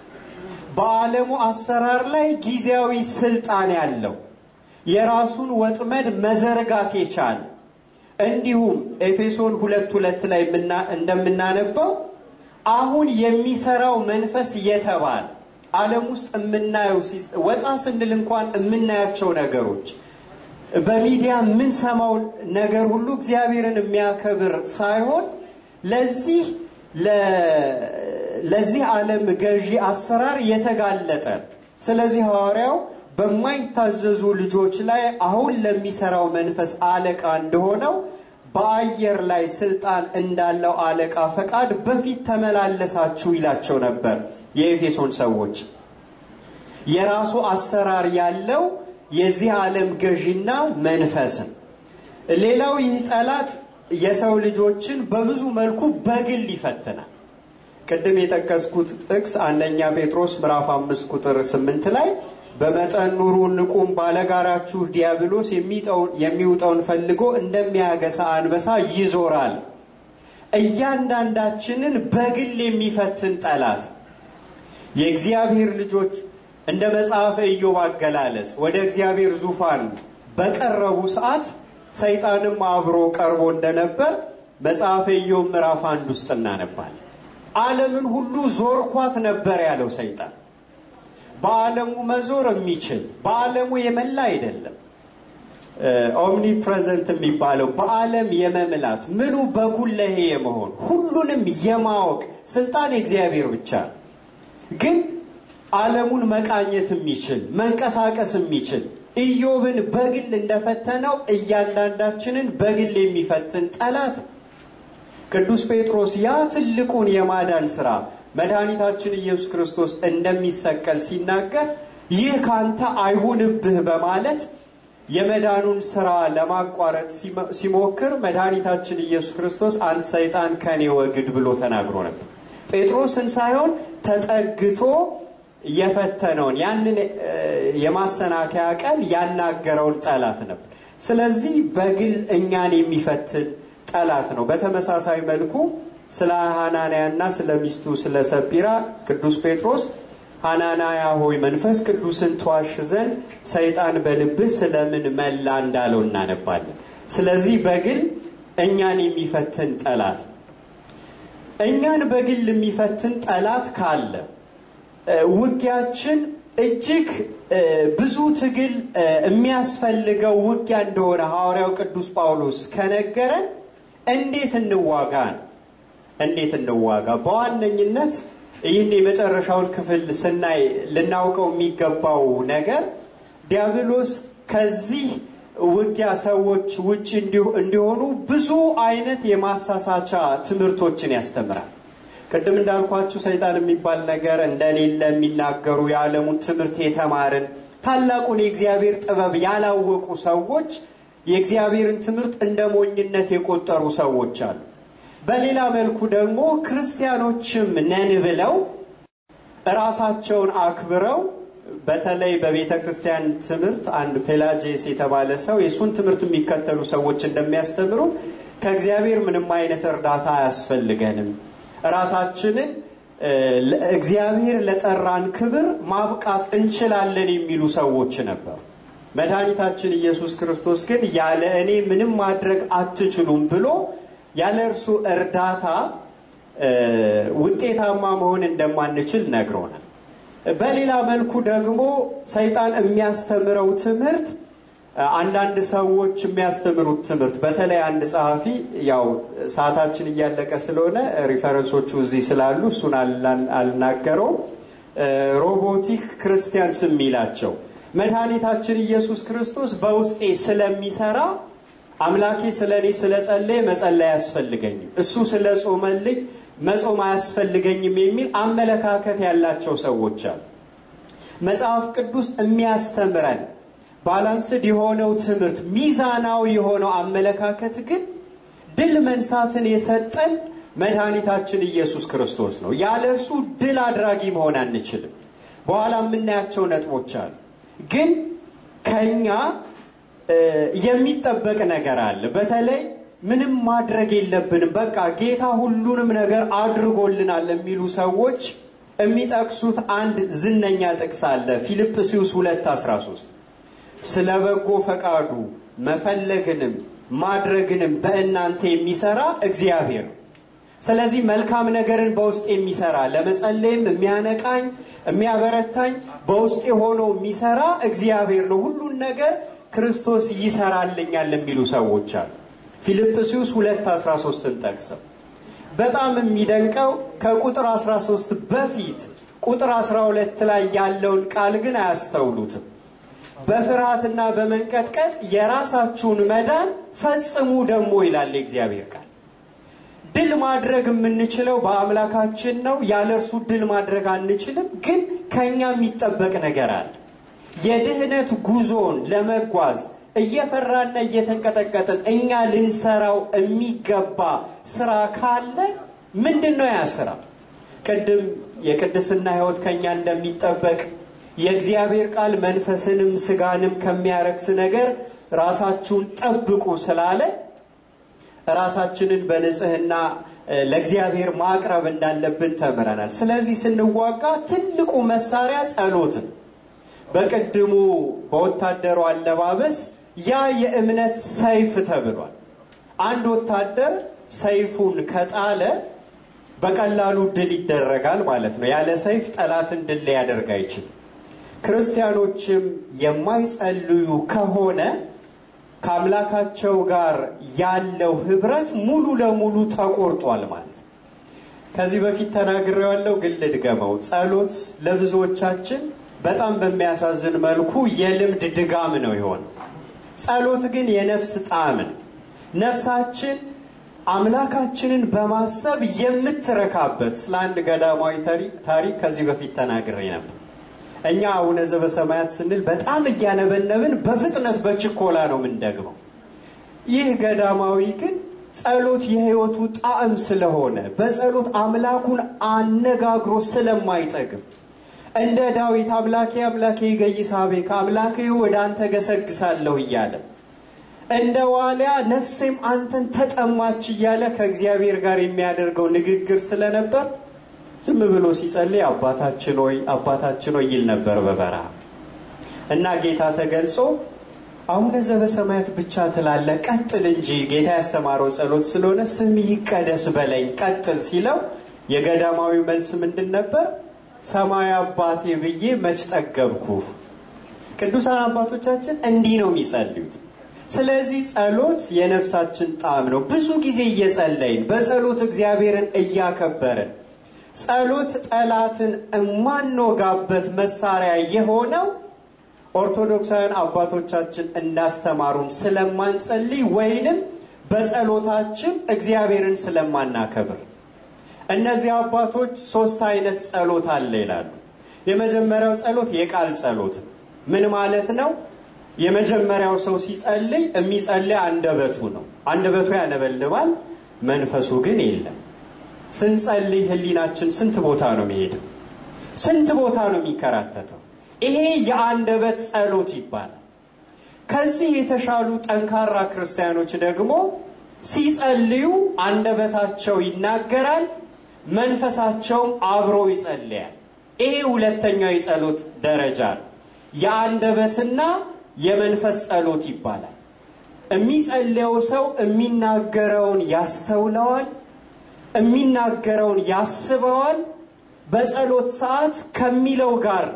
በዓለሙ አሰራር ላይ ጊዜያዊ ስልጣን ያለው የራሱን ወጥመድ መዘርጋት የቻለ እንዲሁም ኤፌሶን ሁለት ሁለት ላይ እንደምናነበው አሁን የሚሰራው መንፈስ የተባለ ዓለም ውስጥ የምናየው ወጣ ስንል እንኳን የምናያቸው ነገሮች በሚዲያ የምንሰማው ነገር ሁሉ እግዚአብሔርን የሚያከብር ሳይሆን ለዚህ ለዚህ ዓለም ገዢ አሰራር የተጋለጠ ስለዚህ ሐዋርያው በማይታዘዙ ልጆች ላይ አሁን ለሚሰራው መንፈስ አለቃ እንደሆነው በአየር ላይ ስልጣን እንዳለው አለቃ ፈቃድ በፊት ተመላለሳችሁ ይላቸው ነበር የኤፌሶን ሰዎች የራሱ አሰራር ያለው የዚህ ዓለም ገዢና መንፈስን። ሌላው ይህ ጠላት የሰው ልጆችን በብዙ መልኩ በግል ይፈትናል። ቅድም የጠቀስኩት ጥቅስ አንደኛ ጴጥሮስ ምዕራፍ አምስት ቁጥር ስምንት ላይ በመጠን ኑሩ፣ ንቁም፣ ባለጋራችሁ ዲያብሎስ የሚውጠውን ፈልጎ እንደሚያገሳ አንበሳ ይዞራል። እያንዳንዳችንን በግል የሚፈትን ጠላት የእግዚአብሔር ልጆች እንደ መጽሐፈ ኢዮብ አገላለጽ ወደ እግዚአብሔር ዙፋን በቀረቡ ሰዓት ሰይጣንም አብሮ ቀርቦ እንደነበር መጽሐፈ ኢዮብ ምዕራፍ አንድ ውስጥ እናነባል። ዓለምን ሁሉ ዞርኳት ነበር ያለው ሰይጣን በዓለሙ መዞር የሚችል በዓለሙ የመላ አይደለም። ኦምኒ ፕሬዘንት የሚባለው በዓለም የመምላት ምኑ በኩለሄ የመሆን ሁሉንም የማወቅ ስልጣን የእግዚአብሔር ብቻ ግን ዓለሙን መቃኘት የሚችል መንቀሳቀስ የሚችል ኢዮብን በግል እንደፈተነው እያንዳንዳችንን በግል የሚፈትን ጠላት ቅዱስ ጴጥሮስ ያ ትልቁን የማዳን ስራ መድኃኒታችን ኢየሱስ ክርስቶስ እንደሚሰቀል ሲናገር ይህ ካንተ አይሁንብህ በማለት የመዳኑን ስራ ለማቋረጥ ሲሞክር መድኃኒታችን ኢየሱስ ክርስቶስ አንድ ሰይጣን ከኔ ወግድ ብሎ ተናግሮ ነበር። ጴጥሮስን ሳይሆን ተጠግቶ የፈተነውን ያንን የማሰናከያ ቀን ያናገረውን ጠላት ነበር። ስለዚህ በግል እኛን የሚፈትን ጠላት ነው። በተመሳሳይ መልኩ ስለ ሐናንያና ስለ ሚስቱ ስለ ሰጲራ ቅዱስ ጴጥሮስ ሃናንያ ሆይ መንፈስ ቅዱስን ተዋሽ ዘንድ ሰይጣን በልብህ ስለምን መላ እንዳለው እናነባለን። ስለዚህ በግል እኛን የሚፈትን ጠላት እኛን በግል የሚፈትን ጠላት ካለ ውጊያችን እጅግ ብዙ ትግል የሚያስፈልገው ውጊያ እንደሆነ ሐዋርያው ቅዱስ ጳውሎስ ከነገረን እንዴት እንዋጋ እንዴት እንዋጋ? በዋነኝነት ይህን የመጨረሻውን ክፍል ስናይ ልናውቀው የሚገባው ነገር ዲያብሎስ ከዚህ ውጊያ ሰዎች ውጭ እንዲሆኑ ብዙ አይነት የማሳሳቻ ትምህርቶችን ያስተምራል። ቅድም እንዳልኳችሁ ሰይጣን የሚባል ነገር እንደሌለ የሚናገሩ የዓለሙን ትምህርት የተማርን ታላቁን የእግዚአብሔር ጥበብ ያላወቁ ሰዎች የእግዚአብሔርን ትምህርት እንደ ሞኝነት የቆጠሩ ሰዎች አሉ። በሌላ መልኩ ደግሞ ክርስቲያኖችም ነን ብለው እራሳቸውን አክብረው በተለይ በቤተ ክርስቲያን ትምህርት አንድ ፔላጄስ የተባለ ሰው የእሱን ትምህርት የሚከተሉ ሰዎች እንደሚያስተምሩ ከእግዚአብሔር ምንም አይነት እርዳታ አያስፈልገንም ራሳችንን እግዚአብሔር ለጠራን ክብር ማብቃት እንችላለን የሚሉ ሰዎች ነበሩ። መድኃኒታችን ኢየሱስ ክርስቶስ ግን ያለ እኔ ምንም ማድረግ አትችሉም ብሎ ያለ እርሱ እርዳታ ውጤታማ መሆን እንደማንችል ነግሮናል። በሌላ መልኩ ደግሞ ሰይጣን የሚያስተምረው ትምህርት አንዳንድ ሰዎች የሚያስተምሩት ትምህርት በተለይ አንድ ጸሐፊ ያው ሰዓታችን እያለቀ ስለሆነ ሪፈረንሶቹ እዚህ ስላሉ እሱን አልናገረው ሮቦቲክ ክርስቲያንስ የሚላቸው መድኃኒታችን ኢየሱስ ክርስቶስ በውስጤ ስለሚሰራ አምላኬ ስለ እኔ ስለ ጸለየ መጸለይ አያስፈልገኝም፣ እሱ ስለ ጾመልኝ መጾም አያስፈልገኝም የሚል አመለካከት ያላቸው ሰዎች አሉ። መጽሐፍ ቅዱስ የሚያስተምረን ባላንስድ የሆነው ትምህርት ሚዛናዊ የሆነው አመለካከት ግን ድል መንሳትን የሰጠን መድኃኒታችን ኢየሱስ ክርስቶስ ነው። ያለ እርሱ ድል አድራጊ መሆን አንችልም። በኋላ የምናያቸው ነጥቦች አሉ። ግን ከኛ የሚጠበቅ ነገር አለ። በተለይ ምንም ማድረግ የለብንም፣ በቃ ጌታ ሁሉንም ነገር አድርጎልናል የሚሉ ሰዎች የሚጠቅሱት አንድ ዝነኛ ጥቅስ አለ። ፊልጵስዩስ 213 ስለ በጎ ፈቃዱ መፈለግንም ማድረግንም በእናንተ የሚሰራ እግዚአብሔር ነው። ስለዚህ መልካም ነገርን በውስጥ የሚሰራ ለመጸለይም የሚያነቃኝ የሚያበረታኝ በውስጥ ሆኖ የሚሰራ እግዚአብሔር ነው። ሁሉን ነገር ክርስቶስ ይሰራልኛል የሚሉ ሰዎች አሉ። ፊልጵስዩስ 2:13ን ጠቅሰው በጣም የሚደንቀው ከቁጥር 13 በፊት ቁጥር 12 ላይ ያለውን ቃል ግን አያስተውሉትም። በፍርሃትና በመንቀጥቀጥ የራሳችሁን መዳን ፈጽሙ ደግሞ ይላል እግዚአብሔር ቃል። ድል ማድረግ የምንችለው በአምላካችን ነው። ያለ እርሱ ድል ማድረግ አንችልም። ግን ከኛ የሚጠበቅ ነገር አለ። የድህነት ጉዞን ለመጓዝ እየፈራና እየተንቀጠቀጥን እኛ ልንሰራው የሚገባ ስራ ካለ ምንድን ነው ያ ስራ? ቅድም የቅድስና ህይወት ከኛ እንደሚጠበቅ የእግዚአብሔር ቃል መንፈስንም ስጋንም ከሚያረክስ ነገር ራሳችሁን ጠብቁ ስላለ ራሳችንን በንጽህና ለእግዚአብሔር ማቅረብ እንዳለብን ተምረናል። ስለዚህ ስንዋጋ ትልቁ መሳሪያ ጸሎት በቅድሙ በወታደሩ አለባበስ ያ የእምነት ሰይፍ ተብሏል። አንድ ወታደር ሰይፉን ከጣለ በቀላሉ ድል ይደረጋል ማለት ነው። ያለ ሰይፍ ጠላትን ድል ሊያደርግ አይችልም። ክርስቲያኖችም የማይጸልዩ ከሆነ ከአምላካቸው ጋር ያለው ህብረት ሙሉ ለሙሉ ተቆርጧል ማለት ከዚህ በፊት ያለው ግን ልድገመው። ጸሎት ለብዙዎቻችን በጣም በሚያሳዝን መልኩ የልምድ ድጋም ነው የሆነ ጸሎት ግን የነፍስ ጣዕም ነው። ነፍሳችን አምላካችንን በማሰብ የምትረካበት። ስለ አንድ ገዳማዊ ታሪክ ከዚህ በፊት ተናግሬ ነበር። እኛ አቡነ ዘበሰማያት ስንል በጣም እያነበነብን በፍጥነት በችኮላ ነው የምንደግመው። ይህ ገዳማዊ ግን ጸሎት የህይወቱ ጣዕም ስለሆነ በጸሎት አምላኩን አነጋግሮ ስለማይጠግም እንደ ዳዊት አምላኬ አምላኬ ይገይሳቤ ከአምላኬ ወደ አንተ ገሰግሳለሁ እያለ እንደ ዋሊያ ነፍሴም አንተን ተጠማች እያለ ከእግዚአብሔር ጋር የሚያደርገው ንግግር ስለነበር ዝም ብሎ ሲጸልይ አባታችን ሆይ አባታችን ሆይ ይል ነበር በበረሃ እና ጌታ ተገልጾ አቡነ ዘበሰማያት ብቻ ትላለ ቀጥል እንጂ ጌታ ያስተማረው ጸሎት ስለሆነ ስም ይቀደስ በለኝ ቀጥል ሲለው የገዳማዊ መልስ ምንድን ነበር? ሰማያዊ አባቴ ብዬ መች ጠገብኩ። ቅዱሳን አባቶቻችን እንዲህ ነው የሚጸልዩት። ስለዚህ ጸሎት የነፍሳችን ጣዕም ነው። ብዙ ጊዜ እየጸለይን በጸሎት እግዚአብሔርን እያከበርን ጸሎት ጠላትን የማንወጋበት መሳሪያ የሆነው ኦርቶዶክሳውያን አባቶቻችን እንዳስተማሩም ስለማንጸልይ ወይንም በጸሎታችን እግዚአብሔርን ስለማናከብር እነዚህ አባቶች ሶስት አይነት ጸሎት አለ ይላሉ። የመጀመሪያው ጸሎት የቃል ጸሎት ምን ማለት ነው? የመጀመሪያው ሰው ሲጸልይ የሚጸልይ አንደበቱ ነው። አንደበቱ ያነበልባል፣ መንፈሱ ግን የለም። ስንጸልይ ህሊናችን ስንት ቦታ ነው የሚሄደው? ስንት ቦታ ነው የሚከራተተው? ይሄ የአንደበት ጸሎት ይባላል። ከዚህ የተሻሉ ጠንካራ ክርስቲያኖች ደግሞ ሲጸልዩ አንደበታቸው ይናገራል፣ መንፈሳቸውም አብሮ ይጸልያል። ይሄ ሁለተኛው የጸሎት ደረጃ ነው። የአንደበትና የመንፈስ ጸሎት ይባላል። የሚጸልየው ሰው የሚናገረውን ያስተውለዋል። የሚናገረውን ያስበዋል፣ በጸሎት ሰዓት ከሚለው ጋር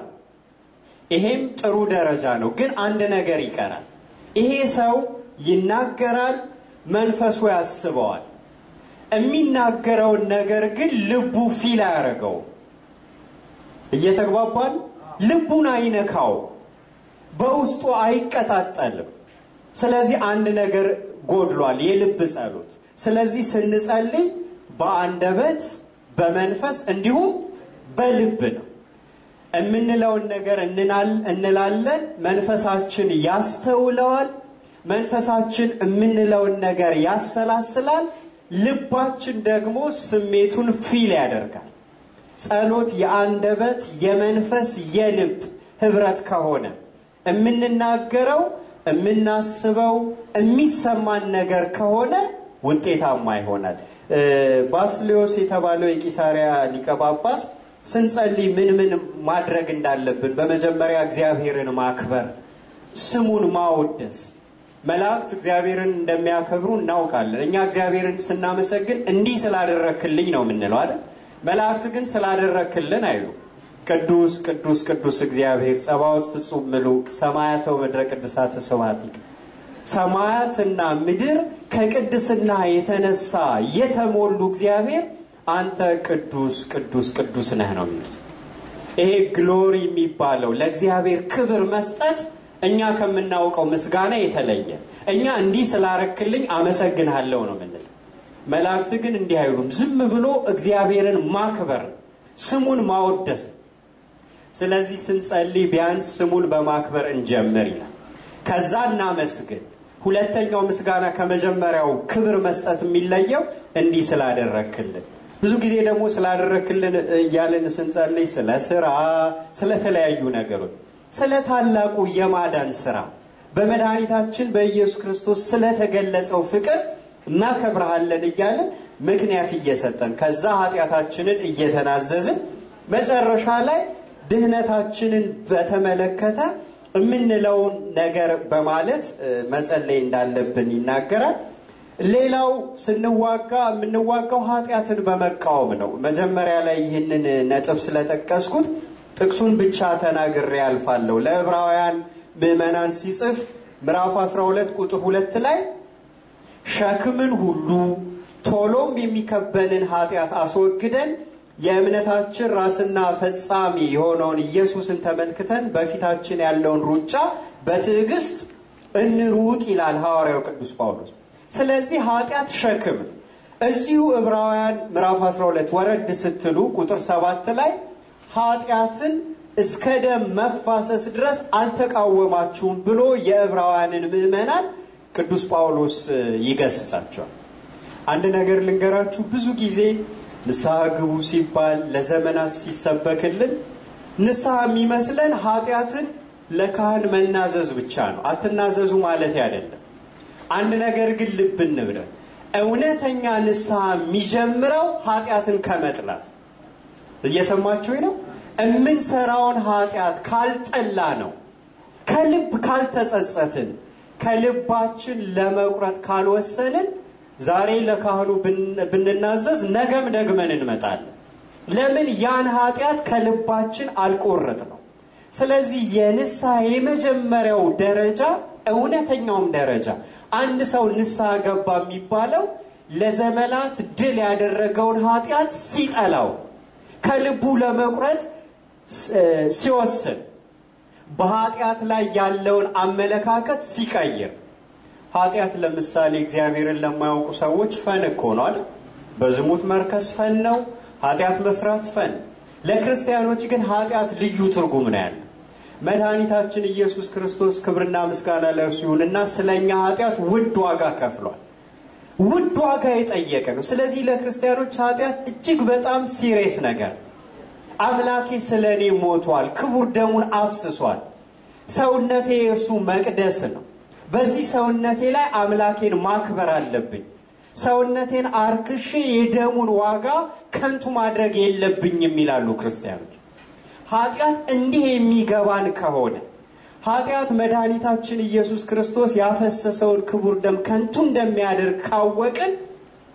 ይሄም ጥሩ ደረጃ ነው። ግን አንድ ነገር ይቀራል። ይሄ ሰው ይናገራል፣ መንፈሱ ያስበዋል። የሚናገረውን ነገር ግን ልቡ ፊል አያደረገው እየተግባባል ልቡን አይነካው፣ በውስጡ አይቀጣጠልም። ስለዚህ አንድ ነገር ጎድሏል፣ የልብ ጸሎት። ስለዚህ ስንጸልይ በአንደበት በመንፈስ እንዲሁም በልብ ነው። የምንለውን ነገር እንላለን፣ መንፈሳችን ያስተውለዋል፣ መንፈሳችን የምንለውን ነገር ያሰላስላል፣ ልባችን ደግሞ ስሜቱን ፊል ያደርጋል። ጸሎት የአንደበት የመንፈስ የልብ ህብረት ከሆነ የምንናገረው የምናስበው የሚሰማን ነገር ከሆነ ውጤታማ ይሆናል። ባስሌዎስ የተባለው የቂሳሪያ ሊቀጳጳስ ጳጳስ ስንጸልይ ምን ምን ማድረግ እንዳለብን በመጀመሪያ እግዚአብሔርን ማክበር፣ ስሙን ማወደስ። መላእክት እግዚአብሔርን እንደሚያከብሩ እናውቃለን። እኛ እግዚአብሔርን ስናመሰግን እንዲህ ስላደረክልኝ ነው የምንለው አይደል? መላእክት ግን ስላደረክልን አይሉ ቅዱስ ቅዱስ ቅዱስ እግዚአብሔር ጸባዖት ፍጹም ምሉቅ ሰማያተው ምድረ ቅድሳተ ሰማያቲከ ሰማያትና ምድር ከቅድስና የተነሳ የተሞሉ እግዚአብሔር አንተ ቅዱስ ቅዱስ ቅዱስ ነህ ነው የሚሉት። ይሄ ግሎሪ የሚባለው ለእግዚአብሔር ክብር መስጠት እኛ ከምናውቀው ምስጋና የተለየ እኛ እንዲህ ስላረክልኝ አመሰግንሃለሁ ነው ምንል መላእክት ግን እንዲህ አይሉም። ዝም ብሎ እግዚአብሔርን ማክበር ስሙን ማወደስ። ስለዚህ ስንጸልይ ቢያንስ ስሙን በማክበር እንጀምር ይላል። ከዛ እናመስግን ሁለተኛው ምስጋና ከመጀመሪያው ክብር መስጠት የሚለየው እንዲህ ስላደረክልን ብዙ ጊዜ ደግሞ ስላደረክልን እያልን ስንጸልይ ስለ ስራ፣ ስለተለያዩ ነገሮች፣ ስለ ታላቁ የማዳን ስራ በመድኃኒታችን በኢየሱስ ክርስቶስ ስለተገለጸው ፍቅር እናከብረሃለን እያልን ምክንያት እየሰጠን ከዛ ኃጢአታችንን እየተናዘዝን መጨረሻ ላይ ድህነታችንን በተመለከተ የምንለውን ነገር በማለት መጸለይ እንዳለብን ይናገራል። ሌላው ስንዋጋ የምንዋጋው ኃጢአትን በመቃወም ነው። መጀመሪያ ላይ ይህንን ነጥብ ስለጠቀስኩት ጥቅሱን ብቻ ተናግሬ ያልፋለሁ። ለዕብራውያን ምዕመናን ሲጽፍ ምዕራፍ 12 ቁጥር 2 ላይ ሸክምን ሁሉ ቶሎም የሚከበንን ኃጢአት አስወግደን የእምነታችን ራስና ፈጻሚ የሆነውን ኢየሱስን ተመልክተን በፊታችን ያለውን ሩጫ በትዕግስት እንሩጥ ይላል ሐዋርያው ቅዱስ ጳውሎስ። ስለዚህ ኃጢአት ሸክም እዚሁ ዕብራውያን ምዕራፍ 12 ወረድ ስትሉ ቁጥር 7 ላይ ኃጢአትን እስከ ደም መፋሰስ ድረስ አልተቃወማችሁም ብሎ የዕብራውያንን ምዕመናን ቅዱስ ጳውሎስ ይገስጻቸዋል። አንድ ነገር ልንገራችሁ። ብዙ ጊዜ ንስሐ ግቡ ሲባል ለዘመናት ሲሰበክልን ንስሐ የሚመስለን ኃጢአትን ለካህን መናዘዝ ብቻ ነው። አትናዘዙ ማለት አይደለም። አንድ ነገር ግን ልብ እንበል። እውነተኛ ንስሐ የሚጀምረው ኃጢአትን ከመጥላት እየሰማችሁኝ ነው። የምንሰራውን ኃጢአት ካልጠላ ነው ከልብ ካልተጸጸትን ከልባችን ለመቁረጥ ካልወሰንን ዛሬ ለካህኑ ብንናዘዝ ነገም ደግመን እንመጣለን። ለምን ያን ኃጢአት ከልባችን አልቆረጥ ነው። ስለዚህ የንስሐ የመጀመሪያው ደረጃ እውነተኛውም ደረጃ አንድ ሰው ንስሐ ገባ የሚባለው ለዘመናት ድል ያደረገውን ኃጢአት ሲጠላው ከልቡ ለመቁረጥ ሲወስን በኃጢአት ላይ ያለውን አመለካከት ሲቀይር ኃጢአት ለምሳሌ እግዚአብሔርን ለማያውቁ ሰዎች ፈን እኮ ነው አይደል? በዝሙት መርከስ ፈን ነው፣ ኃጢአት መስራት ፈን። ለክርስቲያኖች ግን ኃጢአት ልዩ ትርጉም ነው ያለ። መድኃኒታችን ኢየሱስ ክርስቶስ ክብርና ምስጋና ለእርሱ ይሁንና ስለ እኛ ኃጢአት ውድ ዋጋ ከፍሏል። ውድ ዋጋ የጠየቀ ነው። ስለዚህ ለክርስቲያኖች ኃጢአት እጅግ በጣም ሲሬስ ነገር። አምላኬ ስለ እኔ ሞቷል፣ ክቡር ደሙን አፍስሷል፣ ሰውነቴ የእርሱ መቅደስ ነው በዚህ ሰውነቴ ላይ አምላኬን ማክበር አለብኝ። ሰውነቴን አርክሼ የደሙን ዋጋ ከንቱ ማድረግ የለብኝም ይላሉ ክርስቲያኖች። ኃጢአት እንዲህ የሚገባን ከሆነ ኃጢአት መድኃኒታችን ኢየሱስ ክርስቶስ ያፈሰሰውን ክቡር ደም ከንቱ እንደሚያደርግ ካወቅን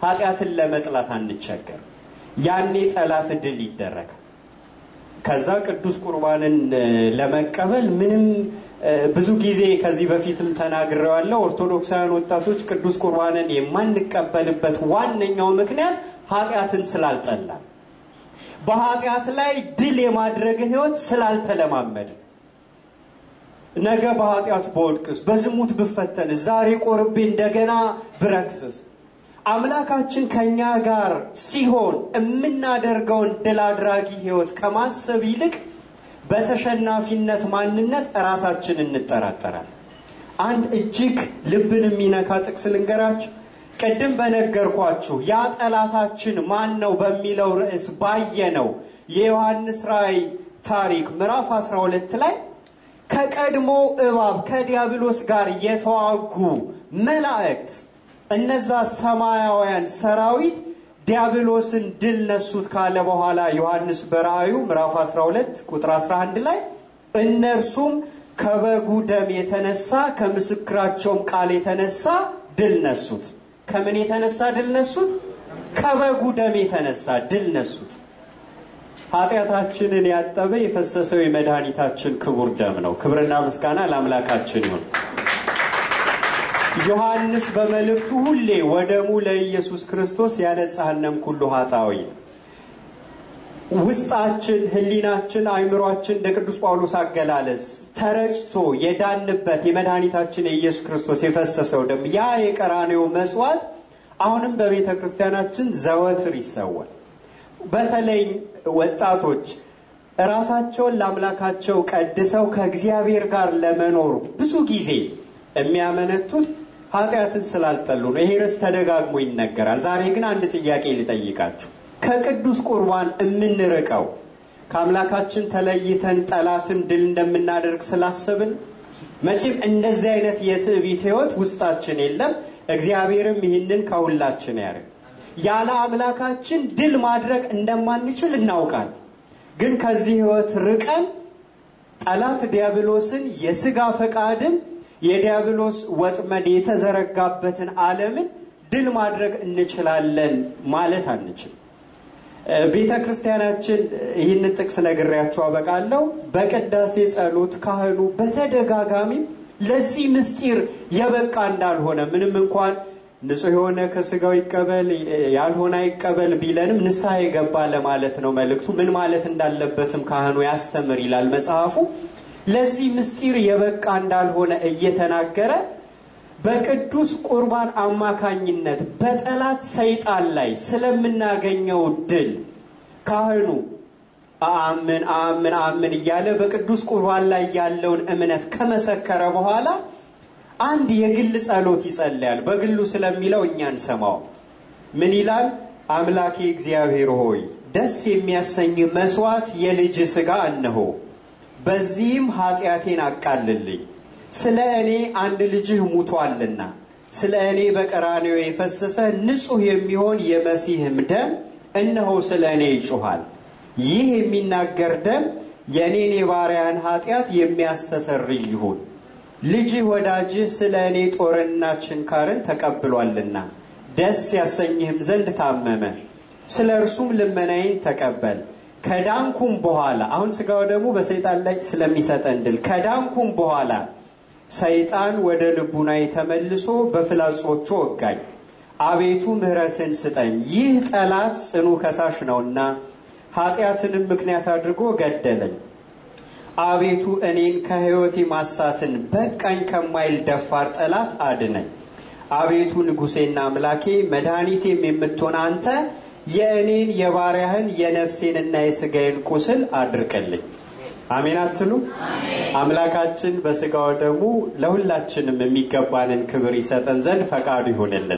ኃጢአትን ለመጥላት አንቸገር። ያኔ ጠላት ድል ይደረጋል። ከዛ ቅዱስ ቁርባንን ለመቀበል ምንም ብዙ ጊዜ ከዚህ በፊትም ተናግረዋለሁ። ኦርቶዶክሳውያን ወጣቶች ቅዱስ ቁርባንን የማንቀበልበት ዋነኛው ምክንያት ኃጢአትን ስላልጠላ በኃጢአት ላይ ድል የማድረግን ህይወት ስላልተለማመድ ነገ በኃጢአት በወድቅስ፣ በዝሙት ብፈተን፣ ዛሬ ቆርቤ እንደገና ብረክስስ አምላካችን ከኛ ጋር ሲሆን የምናደርገውን ድል አድራጊ ህይወት ከማሰብ ይልቅ በተሸናፊነት ማንነት ራሳችን እንጠራጠራል። አንድ እጅግ ልብን የሚነካ ጥቅስ ልንገራችሁ። ቅድም በነገርኳችሁ ያ ጠላታችን ማን ነው በሚለው ርዕስ ባየነው የዮሐንስ ራይ ታሪክ ምዕራፍ 12 ላይ ከቀድሞ እባብ ከዲያብሎስ ጋር የተዋጉ መላእክት እነዛ ሰማያውያን ሰራዊት ዲያብሎስን ድል ነሱት ካለ በኋላ ዮሐንስ በራእዩ ምዕራፍ 12 ቁጥር 11 ላይ እነርሱም ከበጉ ደም የተነሳ ከምስክራቸውም ቃል የተነሳ ድል ነሱት። ከምን የተነሳ ድል ነሱት? ከበጉ ደም የተነሳ ድል ነሱት። ኃጢአታችንን ያጠበ የፈሰሰው የመድኃኒታችን ክቡር ደም ነው። ክብርና ምስጋና ለአምላካችን ይሁን። ዮሐንስ በመልእክቱ ሁሌ ወደሙ ለኢየሱስ ክርስቶስ ያነጻነም ኩሉ ኃጣዊ ውስጣችን ህሊናችን አይምሯችን ለቅዱስ ጳውሎስ አገላለጽ ተረጭቶ የዳንበት የመድኃኒታችን የኢየሱስ ክርስቶስ የፈሰሰው ደም ያ የቀራኔው መስዋዕት አሁንም በቤተ ክርስቲያናችን ዘወትር ይሰዋል። በተለይ ወጣቶች ራሳቸውን ለአምላካቸው ቀድሰው ከእግዚአብሔር ጋር ለመኖሩ ብዙ ጊዜ የሚያመነቱት ኃጢአትን ስላልጠሉ ነው። ይሄ ርዕስ ተደጋግሞ ይነገራል። ዛሬ ግን አንድ ጥያቄ ልጠይቃችሁ። ከቅዱስ ቁርባን የምንርቀው ከአምላካችን ተለይተን ጠላትን ድል እንደምናደርግ ስላሰብን፣ መቼም እንደዚህ አይነት የትዕቢት ህይወት ውስጣችን የለም። እግዚአብሔርም ይህንን ከሁላችን ያደርግ። ያለ አምላካችን ድል ማድረግ እንደማንችል እናውቃለን። ግን ከዚህ ህይወት ርቀን ጠላት ዲያብሎስን የስጋ ፈቃድን የዲያብሎስ ወጥመድ የተዘረጋበትን ዓለምን ድል ማድረግ እንችላለን ማለት አንችል። ቤተ ክርስቲያናችን ይህንን ጥቅስ ነግሬያችሁ አበቃለሁ። በቅዳሴ ጸሎት ካህኑ በተደጋጋሚ ለዚህ ምስጢር የበቃ እንዳልሆነ ምንም እንኳን ንጹህ የሆነ ከስጋው ይቀበል ያልሆነ አይቀበል ቢለንም ንስሐ የገባ ለማለት ነው መልእክቱ። ምን ማለት እንዳለበትም ካህኑ ያስተምር ይላል መጽሐፉ። ለዚህ ምስጢር የበቃ እንዳልሆነ እየተናገረ በቅዱስ ቁርባን አማካኝነት በጠላት ሰይጣን ላይ ስለምናገኘው ድል ካህኑ አምን አምን አምን እያለ በቅዱስ ቁርባን ላይ ያለውን እምነት ከመሰከረ በኋላ አንድ የግል ጸሎት ይጸልያል። በግሉ ስለሚለው እኛን ሰማው ምን ይላል? አምላኬ እግዚአብሔር ሆይ ደስ የሚያሰኝ መስዋዕት የልጅ ስጋ እነሆ በዚህም ኃጢአቴን አቃልልኝ፣ ስለ እኔ አንድ ልጅህ ሙቷልና ስለ እኔ በቀራኔው የፈሰሰ ንጹሕ የሚሆን የመሲህም ደም እነሆ ስለ እኔ ይጮኋል። ይህ የሚናገር ደም የእኔን የባሪያን ኃጢአት የሚያስተሰር ይሁን። ልጅህ ወዳጅህ ስለ እኔ ጦርና ችንካርን ተቀብሏልና ደስ ያሰኝህም ዘንድ ታመመ። ስለ እርሱም ልመናዬን ተቀበል ከዳንኩም በኋላ አሁን ስጋው ደግሞ በሰይጣን ላይ ስለሚሰጠን ድል ከዳንኩም በኋላ ሰይጣን ወደ ልቡና ተመልሶ በፍላጾቹ ወጋኝ። አቤቱ ምህረትን ስጠኝ፣ ይህ ጠላት ጽኑ ከሳሽ ነውና ኃጢአትንም ምክንያት አድርጎ ገደለኝ። አቤቱ እኔን ከህይወቴ ማሳትን በቃኝ ከማይል ደፋር ጠላት አድነኝ። አቤቱ ንጉሴና አምላኬ መድኃኒቴም የምትሆን አንተ የእኔን የባሪያህን የነፍሴንና የስጋዬን ቁስል አድርቅልኝ። አሜን አትሉ? አምላካችን በስጋው ደግሞ ለሁላችንም የሚገባንን ክብር ይሰጠን ዘንድ ፈቃዱ ይሆንልን።